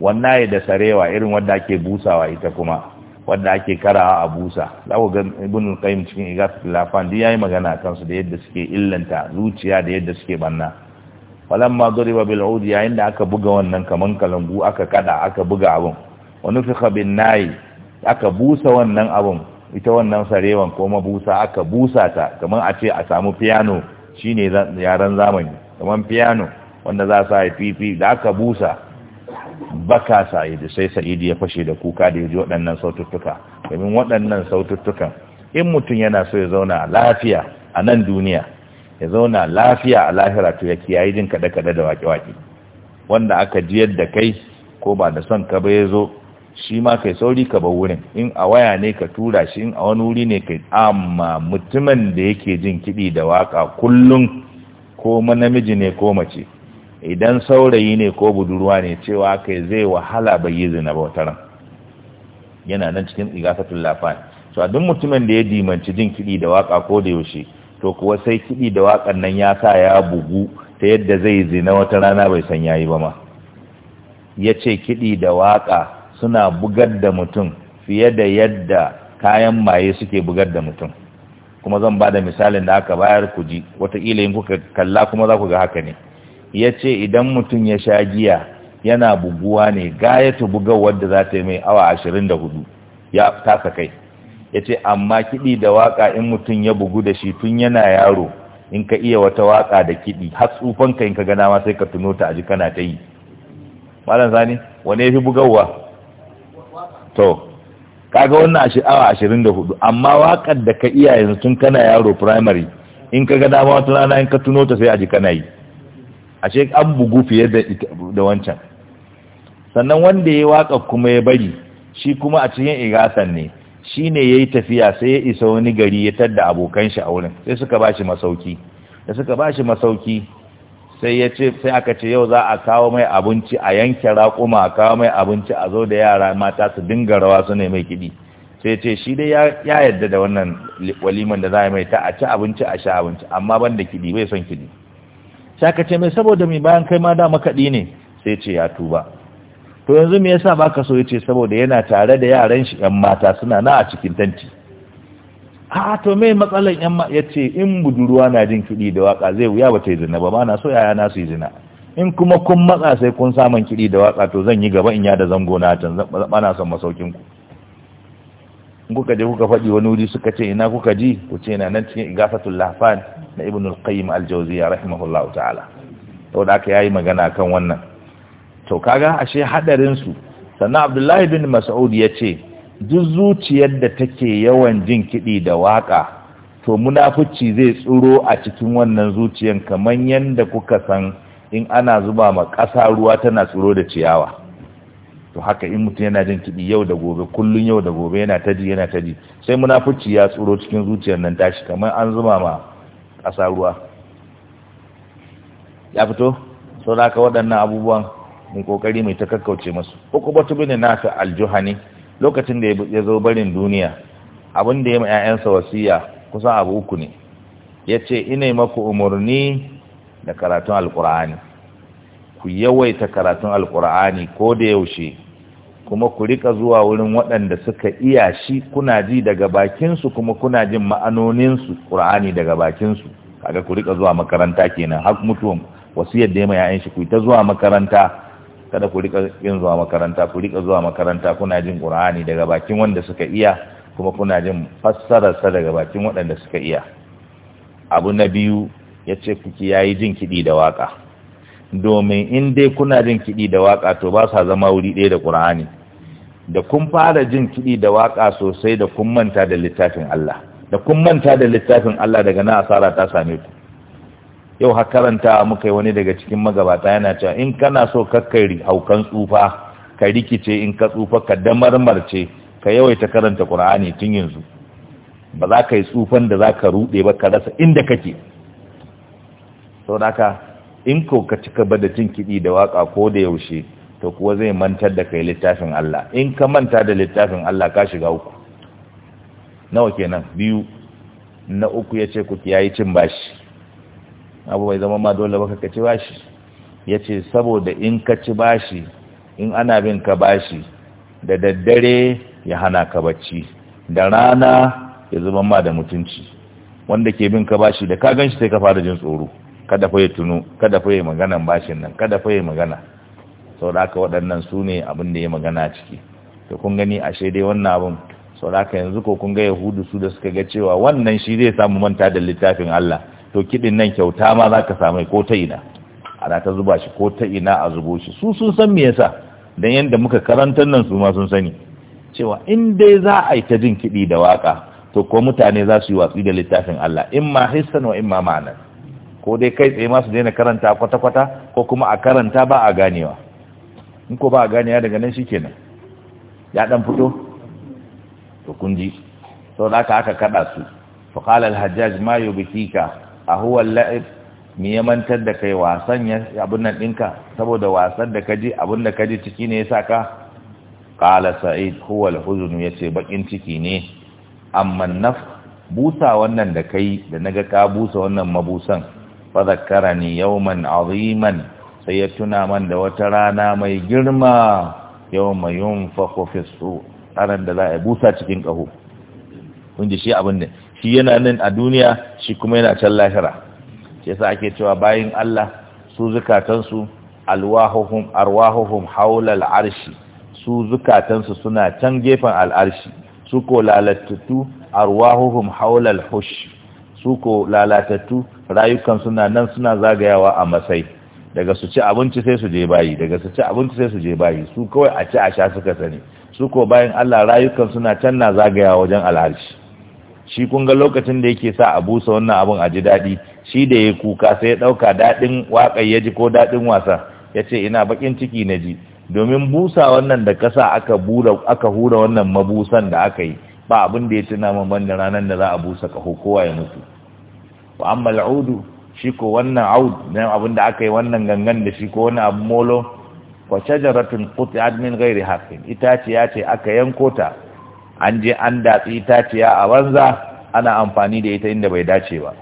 wannan ya da sarewa irin wadda ake busawa ita kuma wadda ake karawa a busa za ku ga ibn qayyim cikin iga lafan duk yayi magana kan su da yadda suke illanta zuciya da yadda suke banna falamma duriba bil yayin da aka buga wannan kaman kalangu aka kada aka buga abun wa nufikha bin nayi aka busa wannan abun ita wannan sarewan ko mabusa aka busa ta kamar a ce a samu piano shine yaran zamani kamar piano wanda za sa yi fifi da aka busa baka sa'idu sai sa'idu ya fashe da kuka da ya ji waɗannan saututtuka domin waɗannan saututtukan in mutum yana so ya zauna lafiya a nan duniya ya zauna lafiya a lahira to ya kiyaye jin kaɗe-kaɗe da waƙe-waƙe wanda aka jiyar da kai ko ba da son ka ba ya zo shi ma kai sauri ka bar wurin in a waya ne ka tura shi in a wani wuri ne kai amma mutumin da yake jin kiɗi da waka kullum ko namiji ne ko mace idan saurayi ne ko budurwa ne cewa kai zai wahala bai yi zina ba wataran yana nan cikin igafatul lafan to duk mutumin da ya dimanci jin kiɗi da waka ko da yaushe to kuwa sai kiɗi da wakan nan ya sa ya bugu ta yadda zai zina wata rana bai san yayi ba ma ya ce kiɗi da waka suna bugar da mutum fiye da yadda kayan maye suke bugar da mutum kuma zan ba da misalin da aka bayar ku ji wataƙila yin kuka kalla kuma za ku ga haka ne ya ce idan mutum ya sha giya yana buguwa ne gayata bugawar wadda za ta yi mai awa ashirin da hudu ya tasa kai ya ce amma kiɗi da waƙa in mutum ya bugu da shi tun yana yaro in ka iya wata waƙa da kiɗi har tsufanka in ka gana ma sai ka tuno ta a ji kana ta yi malam sani wane ya fi bugawa to kaga wannan ashe awa 24 amma wakar da ka iya yanzu tun kana yaro primary in ka ga dama wata rana in ka tuno ta sai a ji kana yi ashe an bugu fiye da wancan sannan wanda ya yi waka kuma ya bari shi kuma a cikin igasan ne shi shine yayi tafiya sai ya isa wani gari ya tadda abokan shi a wurin sai suka bashi masauki da suka bashi masauki sai ya ce sai aka ce yau za a kawo mai abinci a yanke raƙuma a kawo mai abinci a zo da yara mata su dinga rawa su ne mai kiɗi sai ce shi dai ya yadda da wannan waliman da za a mai ta a ci abinci a sha abinci amma ban da kiɗi bai son kiɗi sai aka ce mai saboda mai bayan kai ma da makaɗi ne sai ce ya tuba to yanzu me yasa baka so ya ce saboda yana tare da yaran shi 'yan mata suna na a cikin tanti a to mai matsalar yan ma ya ce in budurwa na jin kiɗi da waka zai wuya ba ta yi zina ba ba so yaya nasu yi zina in kuma kun matsa sai kun samun kiɗi da waka to zan yi gaba in ya da zango na can ba son masaukin ku in kuka je kuka faɗi wani wuri suka ce ina kuka ji ku ce na nan cikin igafatul lahfan na ibnul qayyim al jawziya rahimahullahu ta'ala to da aka yayi magana kan wannan to kaga ashe hadarin su sannan abdullahi bin mas'ud ya ce. duk zuciyar da take yawan jin kiɗi da waƙa to munafuci zai tsuro a cikin wannan zuciyar kamar yadda kuka san in ana zuba ma ƙasa ruwa tana tsuro da ciyawa to haka in mutum yana jin kiɗi yau da gobe kullum yau da gobe yana taji yana taji sai munafuci ya tsuro cikin zuciyar nan tashi kamar an zuba ma ƙasa ruwa ya fito sau da haka waɗannan abubuwan mai ƙoƙari mai ta kakkauce masu ko kuma tubi ne nasa aljuhani lokacin da ya zo barin duniya abin da ya ma 'ya'yansa wasiya kusan abu uku ne ya ce ina maku umarni da karatun alkur'ani ku yawaita karatun alkur'ani ko da yaushe kuma ku rika zuwa wurin waɗanda suka iya shi kuna ji daga bakinsu kuma kuna jin ma'anoninsu ƙur'ani daga bakinsu kaga ku rika zuwa makaranta kenan har mutuwan wasu yadda ya ma 'ya'yan shi ku ta zuwa makaranta kada ku rika yin zuwa makaranta ku rika zuwa makaranta kuna jin qur'ani daga bakin wanda suka iya kuma kuna jin fassarar daga bakin waɗanda suka iya abu na biyu yace ku yayi jin kiɗi da waka domin in dai kuna jin kiɗi da waka to ba sa zama wuri ɗaya da qur'ani da kun fara jin kiɗi da waka sosai da kun manta da littafin Allah da kun manta da littafin Allah daga na asara ta same ku yau har karanta muka yi wani daga cikin magabata yana cewa in kana so kakkari haukan tsufa ka rikice in ka tsufa ka damarmarce ka yawaita karanta qur'ani tun yanzu ba za ka yi tsufan da za ka ruɗe ba ka rasa inda kake sau in ko ka cika ba da cin kiɗi da waka ko da yaushe to kuwa zai mantar da kai littafin Allah in ka manta da littafin Allah ka shiga uku nawa kenan biyu na uku yace ce ku kiyayi cin bashi abu bai zama ma dole baka ka ci bashi ya ce saboda in kaci bashi in ana bin ka bashi da daddare ya hana ka bacci da rana ya zama ma da mutunci wanda ke bin ka bashi da ka ganshi sai ka fara jin tsoro kada fa ya tuno kada fa ya magana bashin nan kada fa ya magana da aka waɗannan su ne abin da ya magana ciki to kun gani ashe dai wannan abin da aka yanzu ko kun ga yahudu su da suka ga cewa wannan shi zai samu manta da littafin Allah to kiɗin nan kyauta ma za ka samai ko ta ina ana ta zuba shi ko ta ina a zubo shi su sun san me yasa dan yanda muka karantar nan su ma sun sani cewa in dai za a yi ta jin kiɗi da waka to ko mutane za su yi watsi da littafin Allah in ma hissan wa in ma ma'ana ko dai kai tsaye ma su daina karanta kwata-kwata ko kuma a karanta ba a ganewa in ko ba a ganewa daga nan shikenan ya dan fito to kun ji sau da aka aka kada su al hajjaj ma يبكيك a huwa la'ib mi ya mantar da kai wasan ya abin nan ɗinka saboda wasan da kaji abin da kaji ciki ne ya sa ka ƙala sa'id huwa al-huzun ya ce bakin ciki ne amma naf busa wannan da kai da naga ka busa wannan mabusan fa zakkarani yawman aziman sai ya tuna man da wata rana mai girma yawma yunfakhu fi su ranar da za a busa cikin ƙaho kun ji shi abin ne. shi yana nan a duniya shi kuma yana can lahira shi yasa ake cewa bayan Allah su zukatansu alwahuhum arwahuhum haula al'arshi su zukatansu suna can gefen al'arshi su ko lalatattu arwahuhum haula al-hush su ko lalatattu rayukan suna nan suna zagayawa a masai daga su ci abinci sai su je bayi daga su ci abinci sai su je bayi su kawai a ci a sha suka sani su ko bayan Allah rayukan suna can na zagayawa wajen al'arshi shi kun ga lokacin da yake sa a busa wannan abin a ji daɗi shi da ya kuka sai ya ɗauka daɗin waƙa ya ji ko daɗin wasa ya ce ina baƙin ciki na ji domin busa wannan da kasa aka bura aka hura wannan mabusan da aka yi ba abin da ya tuna min banda ranar da za a busa kaho kowa ya mutu wa amma al'udu shi ko wannan aud na abin da aka yi wannan gangan da shi ko wani abu molo wa shajaratun qut'at min ghairi haqqin itace ya ce aka yanko ta an je an datsi itaciya a banza ana amfani da ita inda bai dace ba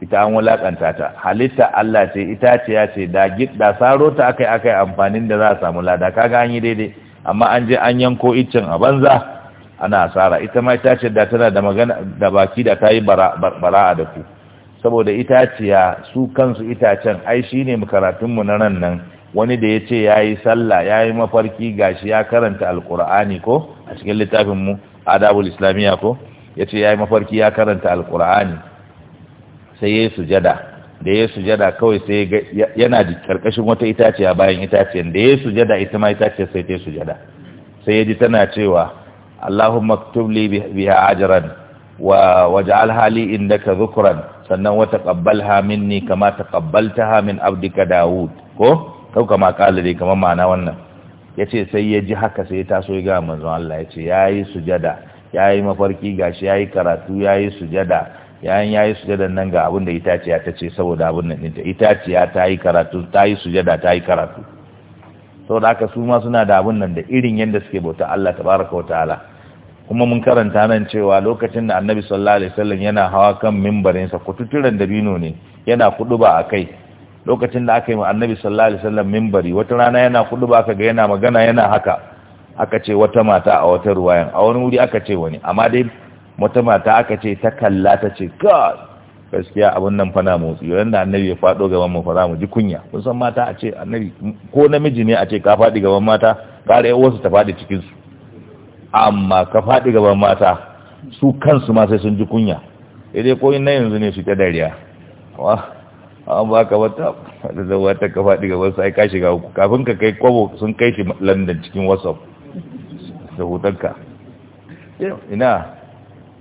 ita an wulakanta ta halitta Allah ce itaciya ce da gidda saro ta akai akai amfanin da za a samu lada kaga an yi daidai amma an je an yanko iccen a banza ana asara ita ma itace da tana da magana da baki da tayi bara'a da ku saboda itaciya su kansu itacen ai shine mu karatun na ran nan wani da ya ce ya yi sallah ya yi mafarki gashi ya karanta alkur'ani ko a cikin littafinmu mu adabul islamiyya ko ya ce ya yi mafarki ya karanta alkur'ani sai ya yi sujada da ya yi sujada kawai sai yana da karkashin wata itaciya bayan itaciyar da ya yi sujada ita ma itaciyar sai ta yi sujada sai ya ji tana cewa Allahumma ktub li alhali inda wa rukran sannan wata zukuran sannan wa taqabbalha minni kama hamin min abdika Dawud ko ɗauka ma ƙalari kamar ma'ana wannan ya ce sai ya ji haka sai ya taso ya gama manzon Allah ya ce ya yi sujada ya yi mafarki gashi ya yi karatu ya yi sujada yayin ya yi sujada nan ga abin da itaciya ta ce saboda abin nan ɗinta itaciya ta yi karatu ta yi sujada ta yi karatu saboda haka su ma suna da abin nan da irin yadda suke bauta Allah tabaraka wa ta'ala kuma mun karanta nan cewa lokacin da annabi sallallahu alaihi wasallam yana hawa kan mimbarinsa kututuran dabino ne yana kuduba a kai lokacin da aka yi annabi sallallahu alaihi wasallam minbari wata rana yana kudu ba ka ga yana magana yana haka aka ce wata mata a wata ruwayan a wani wuri aka ce wani amma dai wata mata aka ce ta kalla ta ce god gaskiya abun nan fa na motsi da annabi ya fado gaban mu fa za mu ji kunya kun san mata a ce annabi ko namiji ne a ce ka fadi gaban mata kare wasu ta fadi cikin su amma ka fadi gaban mata su kansu ma sai sun ji kunya sai dai ko in na yanzu ne su ta dariya an ba ka wata da zawa ta ka faɗi gaban sai ka shiga uku kafin ka kai kwabo sun kai shi london cikin whatsapp da hotonka ina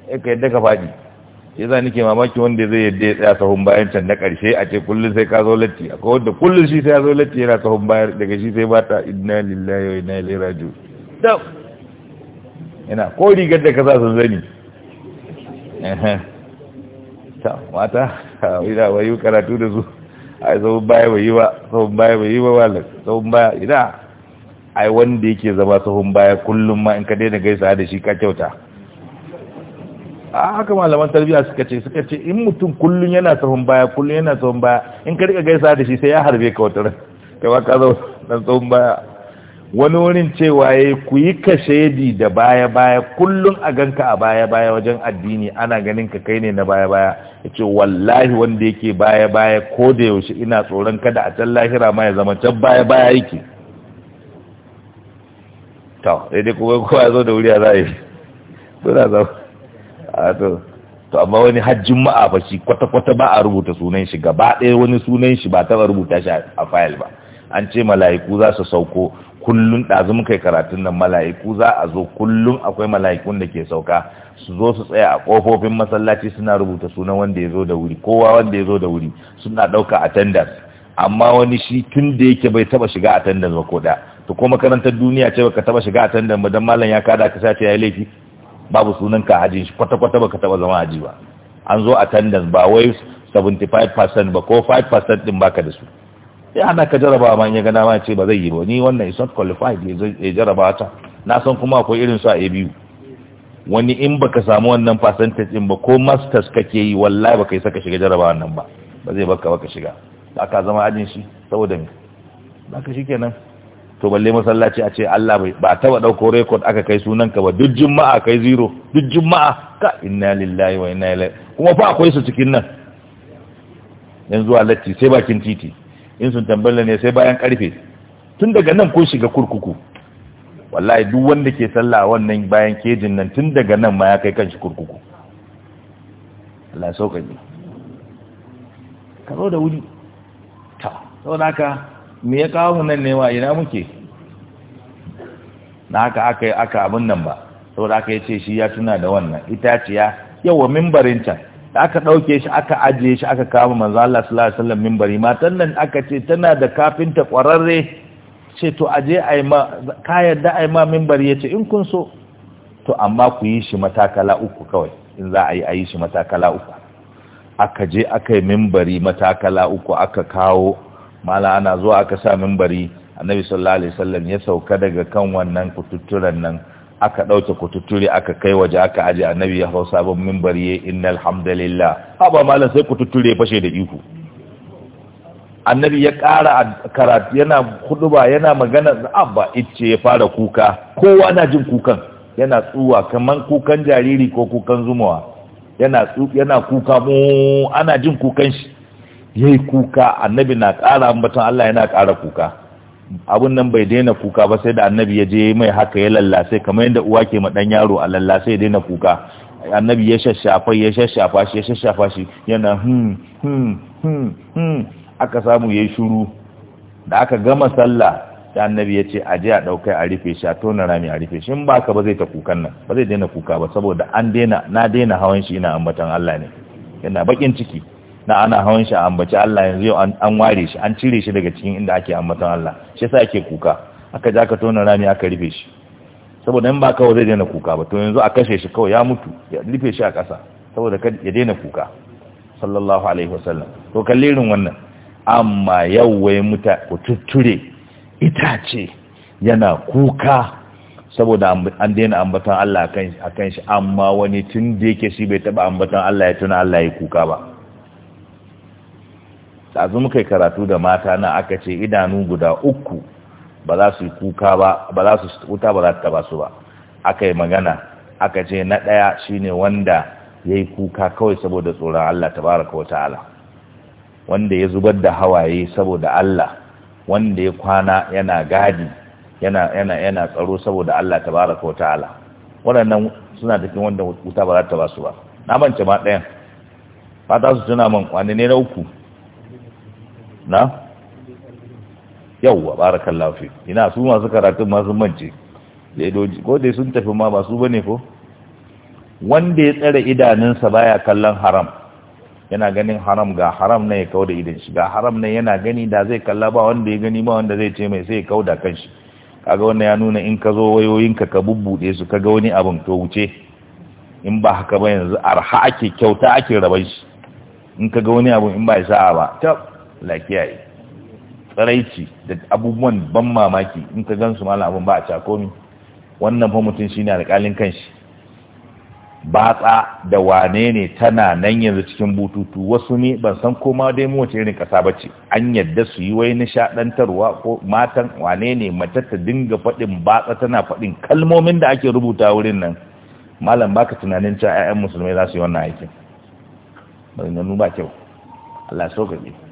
ya kai yadda ka faɗi ya za nike mamaki wanda zai yadda ya tsaya sahun bayan can na ƙarshe a ce kullum sai ka zo latti akwai wanda kullum shi sai ya zo latti yana sahun bayan daga shi sai bata inna lillahi wa inna ilaihi raji'un da ina ko rigar da ka sa sun zani ta mata ina ba yi karatu da su ai sabon baya bai yi ba sabon baya bai yi ba malam sabon baya ina ai wanda yake zama sabon baya kullum ma in ka daina gaisa da shi ka kyauta a haka malaman tarbiyya suka ce suka ce in mutum kullum yana sahun baya kullum yana sahun baya in ka rika gaisa da shi sai ya harbe ka wata ran kai ka zo dan sahun baya wani wurin cewa ya ku yi kashedi da baya-baya kullum a ganka a baya-baya wajen addini ana ganin ka kai ne na baya-baya ya ce wallahi wanda yake baya-baya ko da yaushe ina tsoron kada a can lahira ma ya zama can baya-baya yake ta dai kuma kowa zo da wuri a za a yi suna zama a to to amma wani hajjin ma'a kwata-kwata ba a rubuta sunan shi gaba ɗaya wani sunan shi ba taɓa rubuta shi a fayil ba an ce mala'iku za su sauko kullum ɗazu muka yi karatun nan mala'iku za a zo kullum akwai mala'ikun da ke sauka su zo su tsaya a ƙofofin masallaci suna rubuta sunan wanda ya zo da wuri kowa wanda ya zo da wuri suna ɗauka attendance amma wani shi tun da yake bai taba shiga attendance ba ko da to ko makarantar duniya ce baka taba shiga attendance ba dan malam ya kada ka sace yayi laifi babu sunan ka hajin shi kwata kwata baka taba zama haji ba an zo attendance ba wai 75% ba ko 5% din baka da su ya hana ka jaraba ma ya ga dama ce ba zai yi ba ni wannan is not qualified ya jaraba ta na san kuma akwai irin su a biyu wani in baka samu wannan percentage in ba ko masters kake yi wallahi baka yi saka shiga jaraba wannan ba ba zai baka baka shiga ba ka zama ajin shi saboda me baka shikenan to balle masallaci a ce Allah bai ba taba dauko record aka kai sunan ka ba duk juma'a kai zero duk juma'a ka inna lillahi wa inna ilaihi kuma fa akwai su cikin nan yanzu a latti sai bakin titi in sun tambayar ne sai bayan karfe tun daga nan kun shiga kurkuku wallahi duk wanda ke sallah wannan bayan kejin nan tun daga nan ma ya kai kanshi kurkuku Allah sauƙaƙi ka zo da wuri ta sau da haka me ya kawo mu nan wa, ina muke na haka aka yi aka abin nan ba sau da haka ya ce shi ya tuna da wannan itaciya yawa mimbarin can aka ɗauke shi aka ajiye shi aka kama manzo Allah sallallahu alaihi wasallam minbari matan nan aka ce tana da kafinta ƙwararre ce to aje ai ma ka yadda ai ma minbari yace in kun so to amma ku yi shi matakala uku kawai in za a yi a shi matakala uku aka je aka yi minbari matakala uku aka kawo mala ana zuwa aka sa minbari annabi sallallahu alaihi wasallam ya sauka daga kan wannan kututturan nan aka ɗauke kututture aka kai waje aka aje annabi ya hau sabon mimbari ya inna alhamdulillah haɓa malam sai kututture ya fashe da ihu annabi ya ƙara karatu yana ba yana magana abba ice ya fara kuka kowa na jin kukan yana tsuwa kaman kukan jariri ko kukan zumawa yana yana kuka mu ana jin kukan shi yayi kuka annabi na ƙara ambaton Allah yana ƙara kuka abun nan bai daina kuka ba sai da annabi ya je mai haka ya lallace kamar yadda uwa ke ma dan yaro a lallace ya daina kuka annabi ya shashafa ya shashafa shi ya shashafa shi yana hmm hmm hmm hmm aka samu yayi shiru da aka gama sallah da annabi ya ce a je a ɗaukai a rufe shi a tona rami a rufe shi in ba ka ba zai ta kukan nan ba zai daina kuka ba saboda an daina na daina hawan shi ina ambatan Allah ne yana bakin ciki na ana hawan shi a ambaci Allah yanzu yau an ware shi an cire shi daga cikin inda ake ambaton Allah shi yasa ake kuka aka ja ka tona rami aka rufe shi saboda in ba kawai zai daina kuka ba to yanzu a kashe shi kawai ya mutu ya rufe shi a ƙasa saboda ya daina kuka sallallahu alaihi wasallam to irin wannan amma yau wai muta ku tutture itace yana kuka saboda an daina ambaton Allah akan shi amma wani tun da yake shi bai taba ambaton Allah ya tuna Allah ya kuka ba ɗazu muka yi karatu da mata na aka ce idanu guda uku ba za su yi kuka ba ba za su wuta ba za ta taba su ba aka yi magana aka ce na ɗaya shine wanda ya yi kuka kawai saboda tsoron Allah tabaraka wa ta'ala wanda ya zubar da hawaye saboda Allah wanda ya kwana yana gadi yana yana tsaro saboda Allah tabaraka wa ta'ala waɗannan suna cikin wanda wuta ba za ta ba su ba na mance ma ɗayan fata su tuna min kwanne ne na uku na yawwa barakan lafi ina su masu karatu masu manci ledoji ko dai sun tafi ma ba su bane ko wanda ya tsare idanunsa baya kallon haram yana ganin haram ga haram ne ya kauda idan shi ga haram ne yana gani da zai kalla ba wanda ya gani ba wanda zai ce mai sai ya kauda kanshi kaga wannan ya nuna in ka zo wayoyinka ka bubbude su kaga wani abin to wuce in ba haka ba yanzu arha ake kyauta ake raban shi in kaga wani abin in ba ya ba la tsaraici da abubuwan ban mamaki in ka gan su malam abun ba a komi wannan fa mutum shine alƙalin kanshi batsa da wane ne tana nan yanzu cikin bututu wasu ne ban san koma dai mu wace irin kasa ce. an yadda su yi wai nishaɗantarwa ko matan wane ne mace ta dinga faɗin batsa tana faɗin kalmomin da ake rubuta wurin nan malam baka tunanin cewa ƴaƴan musulmai za su yi wannan aikin ba ba kyau Allah sauƙaƙe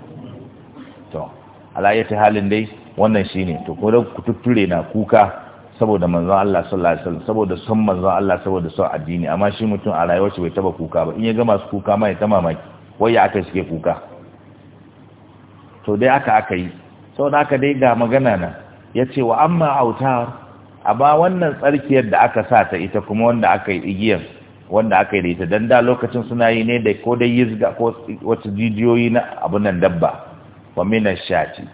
to alayyati halin dai wannan shine to ko da ku tutture na kuka saboda manzon Allah sallallahu alaihi wasallam saboda son manzon Allah saboda son addini amma shi mutum a rayuwar shi bai taba kuka ba in ya gama su kuka ma ya ta mamaki wai ya aka suke kuka to dai aka aka yi saboda aka dai ga magana na yace wa amma autar ba wannan tsarkiyar da aka sa ta ita kuma wanda aka yi igiyar wanda aka yi da ita dan da lokacin suna yi ne da ko dai yizga ko wata jijiyoyi na abun nan dabba wa minash shati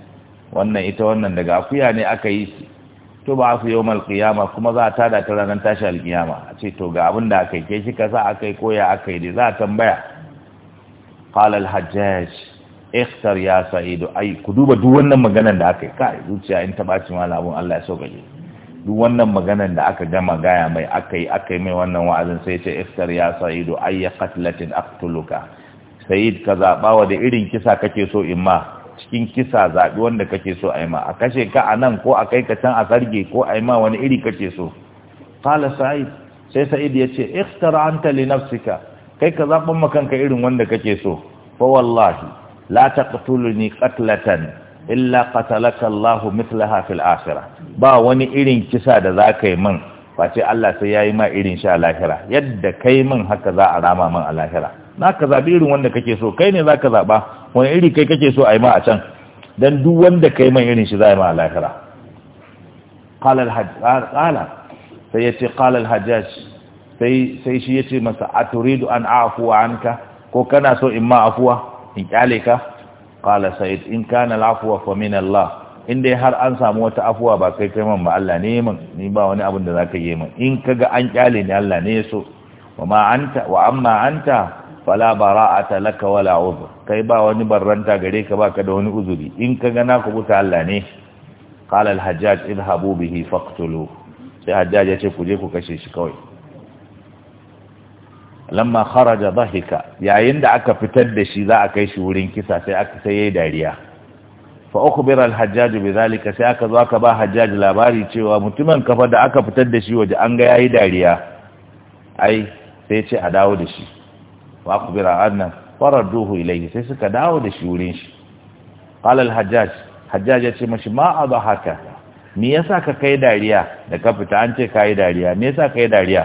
wannan ita wannan daga akuya ne aka yi shi to ba su yawmal qiyama kuma za ta da ta ranar tashi alqiyama a ce to ga abin da aka yi ke shi kasa aka yi koya aka yi dai za tambaya qala al-hajjaj ikhtar ya sa'id ay ku duba duk wannan maganar da aka yi kai zuciya in ta baci malamin Allah ya sauka duk wannan maganar da aka gama gaya mai aka yi aka yi mai wannan wa'azin sai ce ikhtar ya sa'id ay qatlatin aqtuluka sa'id ka zaba wa da irin kisa kake so in ma. cikin kisa zaɓi wanda kake so a yi ma a kashe ka a nan ko a kai ka can a sarge ko a yi ma wani iri kake so kala sa'id sai sa'id ya ce ikhtar ta li nafsika kai ka zaɓa ma kanka irin wanda kake so fa wallahi la ni qatlatan illa qatalaka Allahu mithlaha fil akhirah ba wani irin kisa da za ka yi min face Allah sai ya yi ma irin sha lahira yadda kai min haka za a rama min a lahira Na ka zaɓi irin wanda kake so kai ne za ka zaɓa? wani iri kai kake so a yi ma a can Don duk wanda kai man irin shi za a yi ma a lahira qala sai ya ce al-hajjaj sai shi ya ce masa aturidu an afu anka ko kana so in ma afuwa in kyale ka qala sa'id in kana al fa min Allah In dai har an samu wata afuwa ba kai kai man ba Allah ne min ni ba wani abin da za zaka yi min in kaga an kyale ni Allah ne yaso wa ma anta wa amma anta fala bara'ata laka wala uzur. kai ba wani barranta gare ka baka da wani uzuri in ka ga na kubuta Allah ne qala al-hajjaj idhabu bihi faqtulu sai hajjaj ya ce ku je ku kashe shi kawai lamma kharaja dhahika yayin da aka fitar da shi za a kai shi wurin kisa sai aka sai yayi dariya fa ukhbira al-hajjaj bidhalika sai aka zo aka ba hajjaj labari cewa mutumin kafa da aka fitar da shi waje an ga yayi dariya ai sai ce a dawo da shi wa akbira anna faradduhu ilayhi sai suka dawo da shi wurin shi qala hajjaj hajjaj yace mashi ma haka. me yasa ka kai dariya da ka fita an ce kai dariya me yasa kai dariya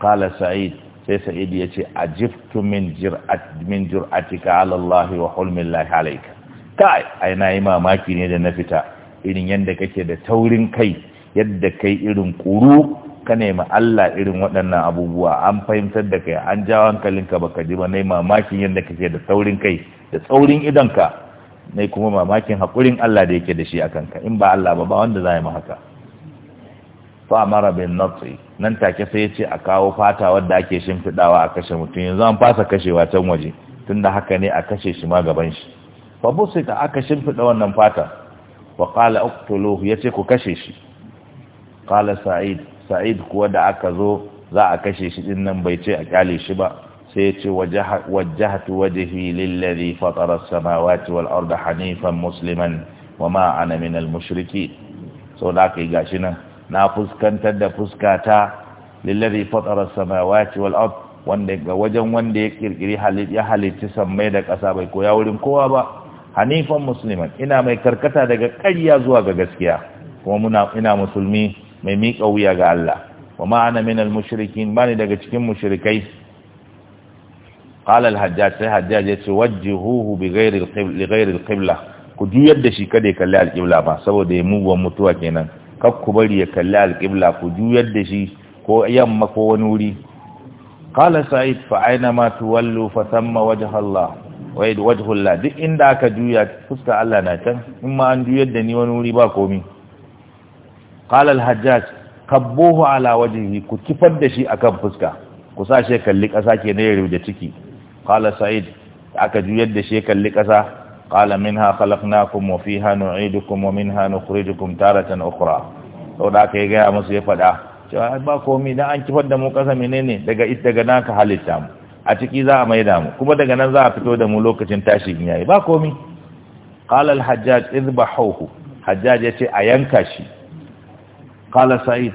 qala sa'id sai sa'id yace ajibtu min jir'at min jur'atika ala Allah wa hulmillahi alayka kai ai na yi mamaki ne da na fita irin yadda kake da taurin kai yadda kai irin kuru, ka nemi Allah irin waɗannan abubuwa an fahimtar da kai an jawo hankalinka baka ji ba nai mamakin yadda kake da saurin kai da tsaurin ka, na kuma mamakin haƙurin Allah da yake da shi a kanka in ba Allah ba ba wanda za yi ma haka mara bin natsi nan take sai ya ce a kawo fata wadda ake shimfiɗawa a kashe mutum yanzu an fasa kashewa can waje tunda haka ne a kashe shi ma gaban shi fa busita aka shimfiɗa wannan fata wa qala ya ce ku kashe shi qala sa'id sa'id kuwa da aka zo za a kashe shi din nan bai ce a kyale shi ba sai ya ce wajjahtu wajhi lillazi fatara as-samawati wal arda hanifan musliman wama ana min al-mushriki so da kai gashi nan na fuskantar da fuskata lillazi fatara as-samawati wal ard wanda ga wajen wanda ya kirkiri halit ya halitta sammai da ƙasa bai koya wurin kowa ba hanifan musliman ina mai karkata daga ƙarya zuwa ga gaskiya kuma muna ina musulmi mai miƙa wuya ga Allah wa ma'ana ana min al-mushrikin bani daga cikin mushrikai qala al-hajjaj sai hajjaj yace wajjihuhu bi ghairi al-qibla li ghairi al-qibla ku juyar da shi kada ya kalli al-qibla ba saboda ya muguwan mutuwa kenan kar ku bari ya kalli al-qibla ku juyar da shi ko yamma ko wani wuri qala sa'id fa aina ma tuwallu fa thamma wajha Allah wajhu Allah duk inda aka juya fuska Allah na can in ma an juyar da ni wani wuri ba komai قال الحجاج hajjaj على وجهه كتفد ku kifar da shi akan fuska ku sa shi kalli kasa ke ne ciki qala sa'id aka juyar da shi kalli kasa qala minha khalaqnakum wa fiha nu'idukum wa minha nukhrijukum taratan ukhra saboda aka yi gaya musu ya faɗa cewa ba komi dan an kifar da mu kasa menene daga daga naka halitta mu a ciki za a maida mu kuma daga nan za a fito da mu lokacin tashin yayi ba komi hajjaj izbahuhu hajjaj yace a yanka shi qala sa'id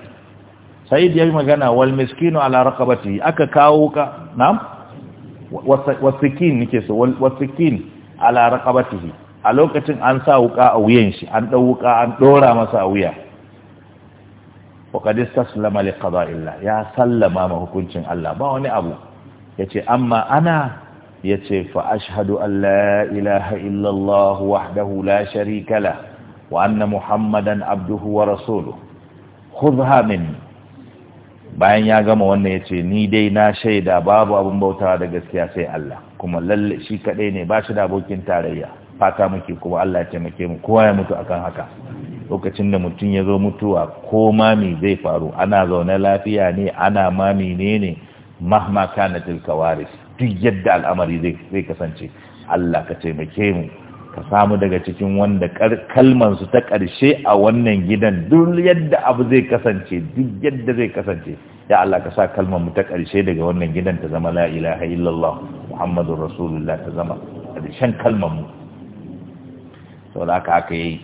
sa'id yayi magana wal miskinu ala raqabati aka kawo ka na'am wasikin nike so wasikin ala raqabatihi a lokacin an sa wuka a wuyan shi an dau wuka an dora masa a wuya wa qad istaslama li qada'illah ya sallama ma hukuncin Allah ba wani abu yace amma ana yace fa ashhadu an la ilaha illa Allah wahdahu la sharika la wa anna muhammadan abduhu wa rasuluhu khudha minni bayan ya gama wannan ya ce ni dai na shaida babu abun bautawa da gaskiya sai Allah kuma lalle shi kadai ne ba shi da abokin tarayya fata muke kuma Allah ya taimake mu kowa ya mutu akan haka lokacin da mutum ya zo mutuwa ko mami zai faru ana zaune lafiya ne ana mami ne ne mahma kana tilka duk yadda al'amari zai kasance Allah ka taimake mu ka samu daga cikin wanda kalman su ta karshe a wannan gidan duk yadda abu zai kasance duk yadda zai kasance ya Allah ka sa kalmanmu ta ƙarshe daga wannan gidan ta zama la ilaha illallah muhammadun rasulullah ta zama ƙarshen kalmanmu sau da aka aka yi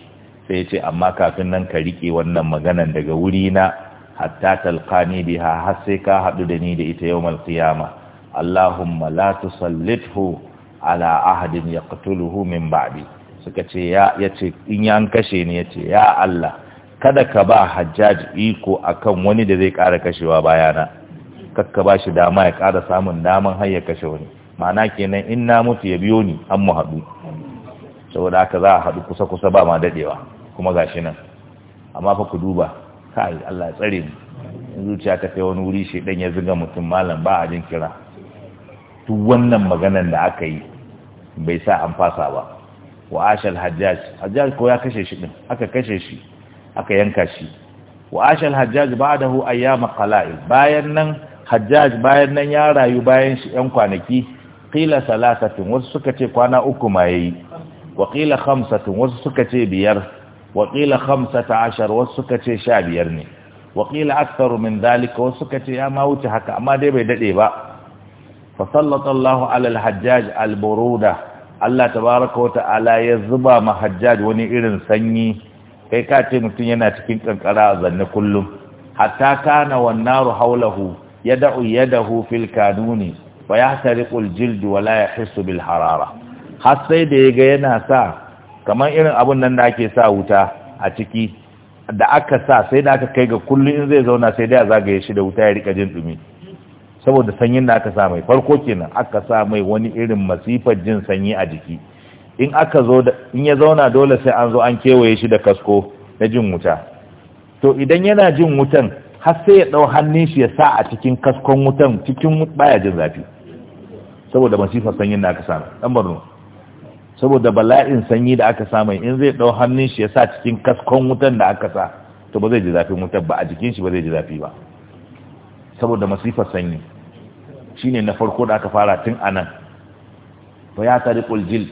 sai ce amma kafin nan ka riƙe wannan maganan daga wuri na hatta talqani biha har sai ka haɗu da ni da ita yawmal qiyama allahumma la tusallithu ala ahadin yaqtuluhu min baɗi suka ce ya ce in an kashe ne ce. ya Allah kada ka ba Hajjaji iko akan wani da zai ƙara kashewa bayana kakka ba shi dama ya ƙara samun daman hanyar kashe wani ma'ana kenan in na mutu ya biyo ni an mu haɗu saboda aka za a haɗu kusa-kusa ba ma daɗewa kuma ga shi nan amma fa ku duba kai Allah ya tsare mu zuciya ta kai wani wuri shi ɗan ya zuga mutum malam ba a jin kira duk wannan maganan da aka yi bai sa an fasa ba wa ashal hajjaj hajjaj ko ya kashe shi din aka kashe shi aka yanka shi wa ashal hajjaj ba'dahu ayyama qala'il bayan nan hajjaj bayan nan ya rayu bayan shi yan kwanaki qila salasatin wasu suka ce kwana uku ma yayi wa qila khamsatin wasu suka ce biyar wa qila khamsata ashar wasu suka ce sha biyar ne wa qila aktharu min dhalika wasu suka ce ya ma wuce haka amma dai bai dade ba fasallata Allah alal hajjaj alburuda Allah tabaraka wa ya zuba ma hajjaj wani irin sanyi kai ka ce mutum yana cikin kankara a zanne kullum hatta kana wannaru haulahu yad'u yadahu fil kanuni wa yahtariqu aljild wa la yahissu bil harara har sai da yaga yana sa kamar irin abun nan da ake sa wuta a ciki da aka sa sai da aka kai ga kullum in zai zauna sai dai a zagaye shi da wuta ya rika jin dumi saboda sanyin da aka sa mai farko kenan aka sa mai wani irin masifar jin sanyi a jiki in aka zo da in ya zauna dole sai an zo an kewaye shi da kasko na jin wuta to idan yana jin wutan har sai ya dau hannun shi ya sa a cikin kaskon wutan cikin baya jin zafi saboda masifar sanyin da aka sa mai dan barno saboda bala'in sanyi da aka sa mai in zai dau hannun shi ya sa cikin kaskon wutan da aka sa to ba zai ji zafin wutan ba a jikin shi ba zai ji zafi ba saboda masifar sanyi shine na farko da aka fara tun anan to ya tariqul jil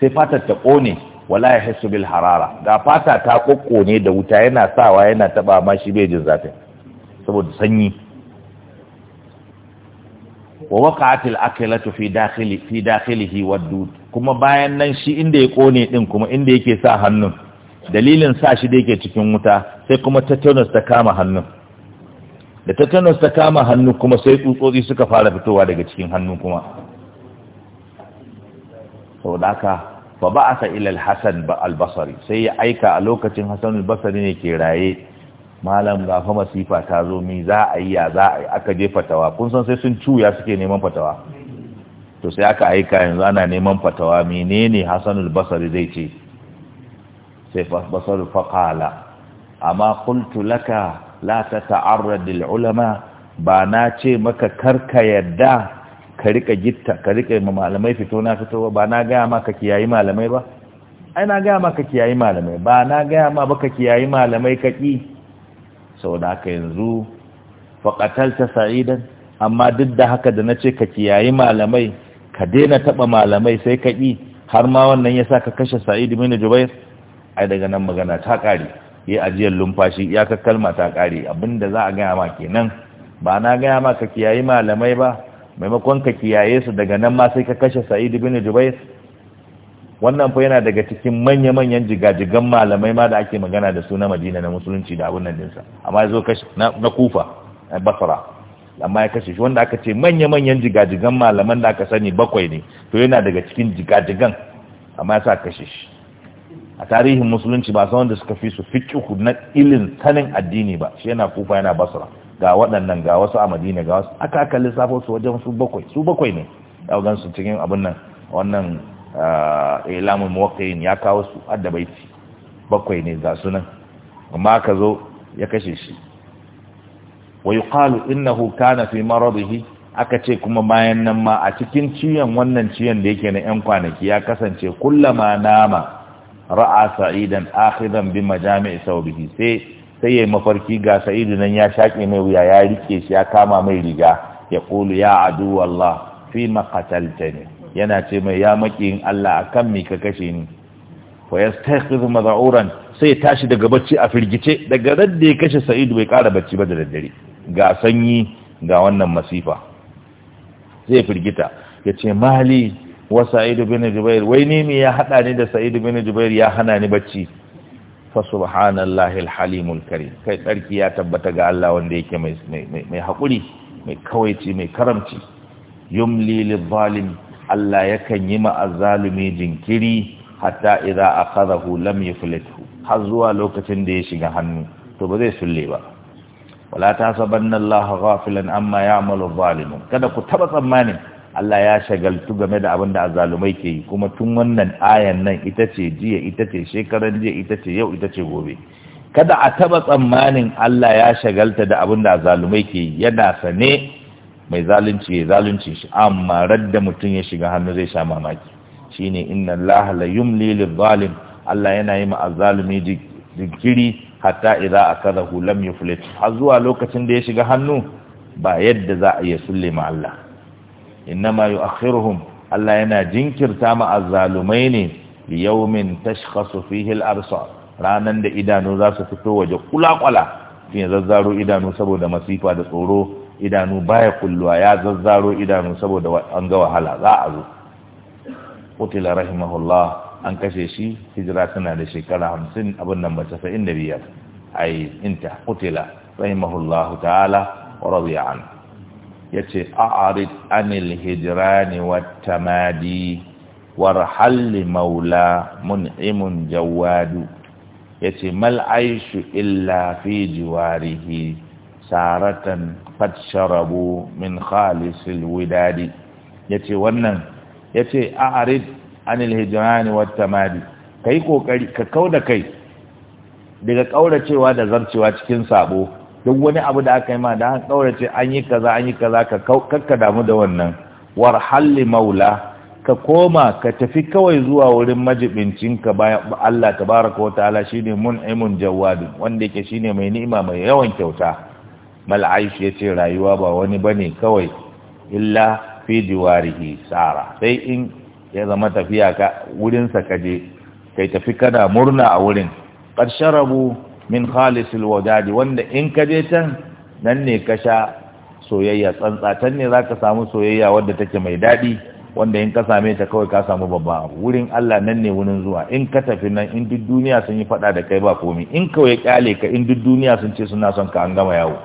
sai fatar ta ƙone wala ya yahissu bil harara ga fata ta ne da wuta yana sawa yana taba ma shi bai jin zafi saboda sanyi wa waqa'atil akilatu fi dakhili fi dakhilihi kuma bayan nan shi inda ya ƙone ɗin kuma inda yake sa hannun dalilin sa shi da yake cikin wuta sai kuma tattaunar ta kama hannun da tetanus ta kama hannu kuma sai tsutsotsi suka fara fitowa daga cikin hannu kuma sau da aka fa ba a ilal hassan ba albasari sai ya aika a lokacin hassan albasari ne ke raye malam ga fa masifa ta zo mi za a yi ya za a yi aka je fatawa kun san sai sun cuya suke neman fatawa to sai aka aika yanzu ana neman fatawa menene hassan albasari zai ce sai basar faƙala amma kultu laka la ta ta'arrad lil ulama ba na ce maka karka yadda ka rika gitta ka rika ma malamai fito na fito ba na gaya maka kiyayi malamai ba ai na gaya maka kiyayi malamai ba na gaya ma baka kiyayi malamai ka ki saboda ka yanzu qatalta sa'idan amma duk da haka da nace ka kiyayi malamai ka daina taba malamai sai ka ki har ma wannan yasa ka kashe sa'id bin jubair ai daga nan magana ta kare ya ajiyar lumfashi iyakar kalma ta kare abinda za a gaya ma kenan ba na gaya ma ka kiyaye malamai ba maimakon ka kiyaye su daga nan ma sai ka kashe sa'id ibn jubair wannan fa yana daga cikin manya-manyan jigajigan malamai ma da ake magana da su na madina na musulunci da abun nan dinsa amma ya zo kashe na kufa na basra amma ya kashe shi wanda aka ce manya-manyan jigajigan malaman da aka sani bakwai ne to yana daga cikin jigajigan amma ya sa kashe shi a tarihin musulunci ba wanda suka fi su fiƙi na ilin sanin addini ba shi yana kufa yana basra ga waɗannan ga wasu a madina ga wasu aka aka lissafo su wajen su bakwai su bakwai ne gan su cikin abin nan wannan ah, ilamun muwaƙayin ya kawo su addabaiti bakwai ne ga sunan amma ka zo ya kashe shi wa yuqalu innahu kana fi maradihi aka ce kuma bayan nan ma a cikin ciyan wannan ciyan da yake na yan kwanaki ya kasance kullama nama ra'a sa'idan akhidan bi majami'i sawbihi sai sai yayi mafarki ga sa'idu nan ya shake mai wuya ya rike shi ya kama mai riga ya qulu ya adu wallah fi ma qataltani yana ce mai ya makin Allah akan mi ka kashe ni wa yastakhidhu mad'uran sai tashi daga bacci a firgice daga radda ya kashe sa'idu bai kara bacci ba da daddare ga sanyi ga wannan masifa zai firgita yace mali wa Saidu bin jubair wai ni me ya hada ni da Saidu bin jubair ya hana ni bacci fa subhanallahi alhalimul karim kai tsarki ya tabbata ga Allah wanda yake mai mai hakuri mai kawaici mai karamci yumli lizalim Allah yakan yi ma azzalimi jinkiri hatta idza akhadahu lam yuflithu har zuwa lokacin da ya shiga hannu to ba zai sulle ba wala tasabanna Allah ghafilan amma ya'malu zalimun kada ku taba tsammanin Allah ya shagaltu game da abin da azalumai ke yi kuma tun wannan ayan nan ita ce jiya ita ce shekaran jiya ita ce yau ita ce gobe kada a taba tsammanin Allah ya shagalta da abin da azalumai ke yi yana sane mai zalunci ya zalunci shi amma radda mutum ya shiga hannu zai sha mamaki shine inna Allah la yumli lil zalim Allah yana yi ma azalumi, jinkiri hatta idza akadahu lam yuflit har zuwa lokacin da ya shiga hannu ba yadda za a iya sulle ma Allah innama yu'akhiruhum Allah yana jinkirta ma azzalumai ne li yawmin tashkhasu fihi al-absar ranan da idanu za su fito waje kulakwala shine zazzaro idanu saboda masifa da tsoro idanu baya kulluwa ya zazzaro idanu saboda an ga wahala za a zo qutila rahimahullah an kashe shi hijira tana da shekara hamsin abin nan ba casa'in da biyar ai inta kutila, rahimahullahu ta'ala wa radiya anhu ya ce a'arid anil hijirani wata madi warhalli maula mun'imun jawadu ya ce mal'aishu illa fi jiwarihi saratan fatsharabu min khalisil widadi ya ce wannan ya ce a'arid anil hijirani wata madi ka yi ƙoƙari ka kau da kai daga cewa da zarcewa cikin sabo duk wani abu da aka yi ma da an ce an yi kaza an yi kaza ka kakka damu da wannan war halli maula ka koma ka tafi kawai zuwa wurin majibincinka bayan Allah tabaraka wataala shine mun'imun jawwadin wanda yake shine mai ni'ima mai yawan kyauta aish yace rayuwa ba wani bane kawai illa fi diwarihi sara sai in ya zama tafiya ka wurin sa kaje kai tafi kana murna a wurin qad sharabu min khalisil wadadi wanda in ka je can nan ne ka sha soyayya tsantsa can ne zaka samu soyayya wadda take mai daɗi wanda in ka same ta kawai ka samu babba wurin Allah nan ne wurin zuwa in ka tafi nan in duk duniya sun yi fada da kai ba komai in kawai kyale ka in duk duniya sun ce suna son ka an gama yawo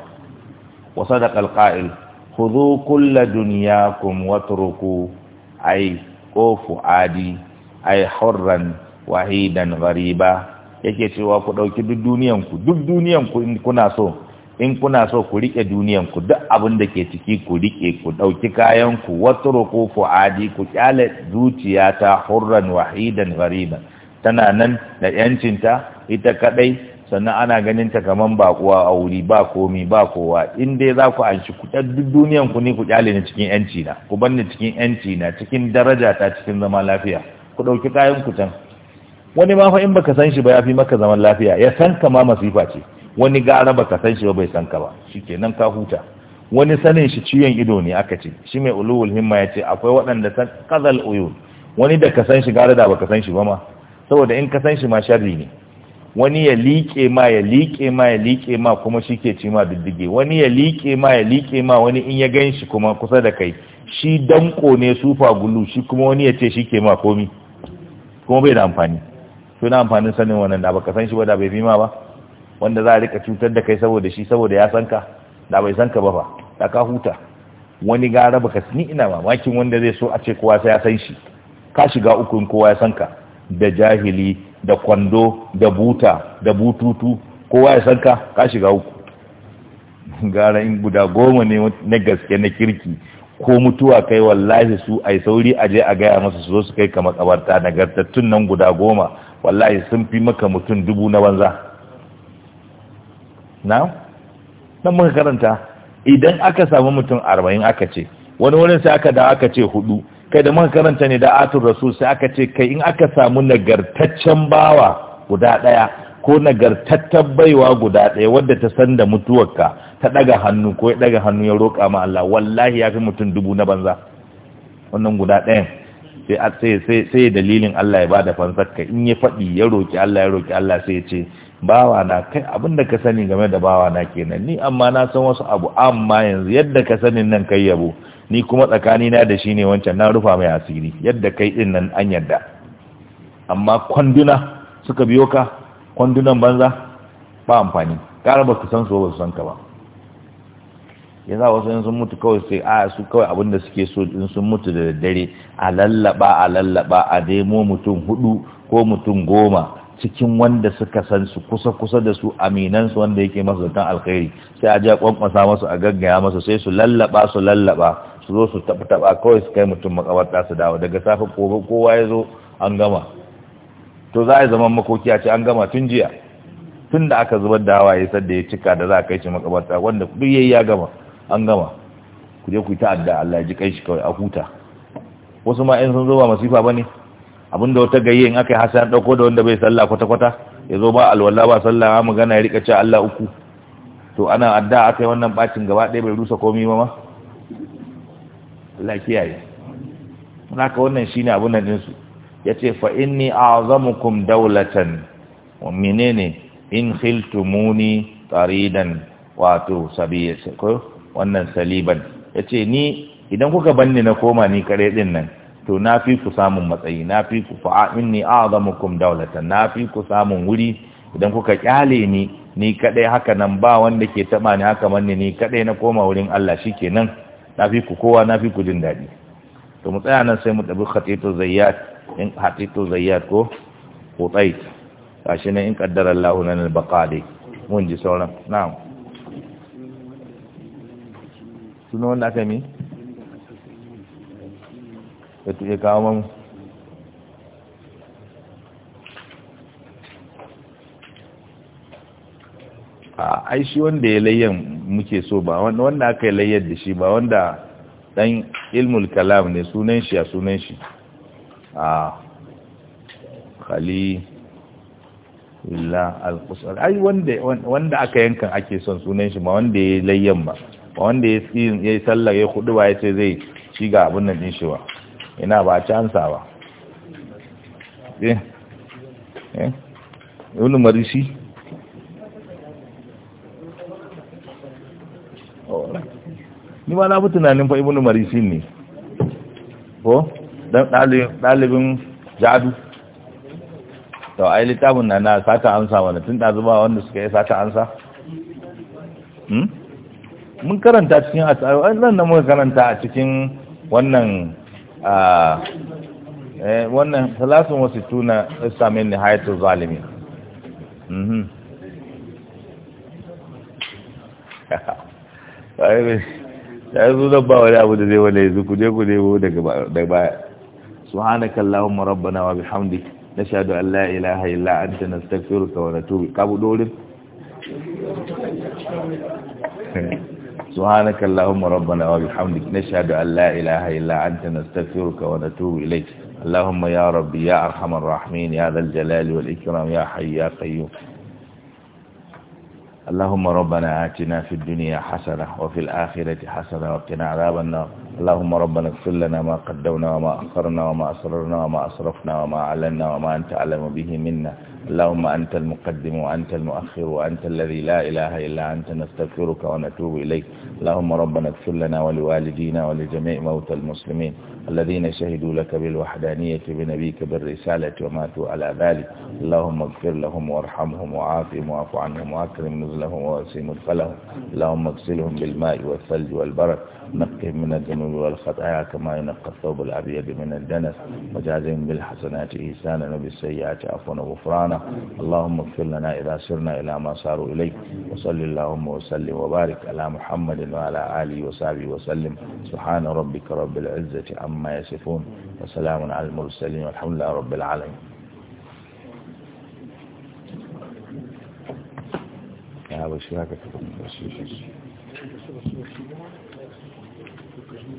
wa sadaqal qa'il khudhu kull dunyakum watruku ay ko adi ay hurran wahidan ghariba yake cewa ku ɗauki duk duniyanku duk duniyanku in kuna so in kuna so ku riƙe duniyanku duk abin da ke ciki ku riƙe ku ɗauki kayan ku roko roƙo ku ƙyale zuciya ta hurran wahidan ghariban tana nan da yancinta ita kaɗai sannan ana ganin ta kaman ba kuwa a wuri ba komi ba kowa in dai za ku anshi ku duk duniyanku ne ku ƙyale ni cikin yanci na ku bar ni cikin yanci na cikin daraja ta cikin zama lafiya ku ɗauki kayanku can wani ma fa in baka san shi ba ya fi maka zaman lafiya ya san ka ma masifa ce wani gara baka san shi ba bai san ka ba shikenan ka huta wani sanin shi ciwon ido ne aka ce shi mai ulul himma ya ce akwai waɗanda san kazal uyun wani da ka san shi gara da baka san shi ba ma saboda in ka san shi ma sharri ne wani ya liƙe ma ya liƙe ma ya liƙe ma kuma shi ke ci ma diddige wani ya liƙe ma ya liƙe ma wani in ya gan shi kuma kusa da kai shi danko ne sufa gulu shi kuma wani ya ce shi ke ma komi kuma bai da amfani suna na amfanin sanin wannan da baka san shi ba da bai fima ba wanda za a rika cutar da kai saboda shi saboda ya san ka da bai san ka ba fa da ka huta wani gara baka sani ina mamakin wanda zai so a ce kowa sai ya san shi ka shiga uku in kowa ya san ka da jahili da kwando da buta da bututu kowa ya san ka ka shiga uku gara in guda goma ne na gaske na kirki ko mutuwa kai wallahi su ai sauri aje a gaya masa su zo su kai kamar kabarta nagartattun nan guda goma wallahi sun fi maka mutum dubu na banza na nan muka karanta idan aka samu mutum arba'in aka ce wani wurin sai aka da aka ce hudu kai da muka karanta ne da atur rasu sai aka ce kai in aka samu nagartaccen bawa guda ɗaya ko nagartattar baiwa guda ɗaya wadda ta san da mutuwarka ta ɗaga hannu ko ya ɗaga hannu ya roƙa ma Allah wallahi ya fi mutum dubu na banza wannan guda ɗayan sai sai sai dalilin Allah ya bada fansarka in ya faɗi ya roki Allah ya roki Allah sai ya ce bawa na kai da ka sani game da bawa na kenan ni amma na san wasu abu amma yanzu yadda ka sani nan kai yabo ni kuma tsakani na da shi ne wancan na rufa mai asiri yadda kai din nan an yadda amma kwanduna suka biyo ka kwandunan banza ba amfani ƙara ba ku san so ba su san ka ba ya za wasu in sun mutu kawai sai a su kawai abin da suke so in sun mutu da daddare a lallaba a lallaba a demo mutum hudu ko mutum goma cikin wanda suka san su kusa kusa da su aminan su wanda yake masu zaton alkhairi sai a ji a kwankwasa masu a gaggaya masu sai su lallaba su lallaba su zo su taba taba kawai su kai mutum makabarta su dawo daga safe kowa ya zo an gama to za a yi zaman makoki a ce an gama tun jiya tun da aka zubar da hawaye sadda ya cika da za a kai shi makabarta wanda duk yayi ya gama an gama ku je ku yi ta'adda Allah ji kai shi kawai a huta wasu ma in sun zo ba masifa bane abinda wata gayye in aka yi hasa an dauko da wanda bai sallah kwata kwata ya zo ba alwala ba sallah ma magana ya rika ce Allah uku to ana adda aka yi wannan bacin gaba ɗaya bai rusa komai ba ma Allah kiyaye ka wannan shine abun nan din su yace fa inni a'zamukum dawlatan wa minene in khiltumuni taridan wato sabiyya ko wannan saliban ya ce ni idan kuka banni na koma ni kare din nan to na fi ku samun matsayi na fi ku fa'a inni a'zamukum daulatan na fi ku samun wuri idan kuka kyale ni ni kadai haka nan ba wanda ke taba ni haka manni ni kadai na koma wurin Allah shikenan na fi ku kowa na fi ku jin dadi to mu tsaya nan sai mu dabi khatitu zayyat in khatitu zayyat ko qutait gashi nan in qaddara Allahu lana al-baqa mun ji sauran na'am suna wanda aka mi ya tuye kawo mamu a aishi wanda ya layyan muke so ba wanda aka yi layyar da shi ba wanda dan ilmul kalam ne sunan shi a sunan shi a khali illa al-qusar ai wanda wanda aka yankan ake son sunan shi ba wanda ya layyan ba wanda ya yi sallar ya kudu ba ya ce zai shi ga abin nan din shi ba ina ba cansa ba eh eh wani shi ni ba na fi tunanin fa ibn marisi ne ko dan dalibin jadu to ai littafin na na sata ansa wani tun ɗazu ba wanda suka yi sata ansa hmm mun karanta cikin nan na muka karanta a cikin wannan eh, wannan salasun wasu tuna islamin haitu zalimi mhm. ya yi zuwa ba wani abu da zai wane yanzu ku je ku nemo daga baya hana allahumma rabbana wa bihamdik nashhadu an la ilaha illa anta nastaghfiruka wa natubu kabu dorin سبحانك اللهم ربنا وبحمدك نشهد أن لا إله إلا أنت نستغفرك ونتوب إليك اللهم يا ربي يا أرحم الراحمين يا ذا الجلال والإكرام يا حي يا قيوم اللهم ربنا آتنا في الدنيا حسنة وفي الآخرة حسنة وقنا عذاب النار اللهم ربنا اغفر لنا ما قدمنا وما أخرنا وما أسررنا وما أسرفنا وما أعلنا وما أنت أعلم به منا اللهم أنت المقدم وأنت المؤخر وأنت الذي لا إله إلا أنت نستغفرك ونتوب إليك اللهم ربنا اغفر لنا ولوالدينا ولجميع موتى المسلمين الذين شهدوا لك بالوحدانية بنبيك بالرسالة وماتوا على ذلك اللهم اغفر لهم وارحمهم وعافهم واعف عنهم وأكرم نزلهم ووسيم الفلهم اللهم اغسلهم بالماء والثلج والبرك نقهم من الذنوب والخطايا كما ينقى الثوب الأبيض من الدنس وجازهم بالحسنات إيسانا وبالسيئات عفوا وغفرانا اللهم اغفر لنا إذا سرنا إلى ما صاروا إليه وصل اللهم وسلم وبارك على محمد وعلى آله وصحبه وسلم سبحان ربك رب العزة عما يصفون وسلام على المرسلين والحمد لله رب العالمين يا بشرك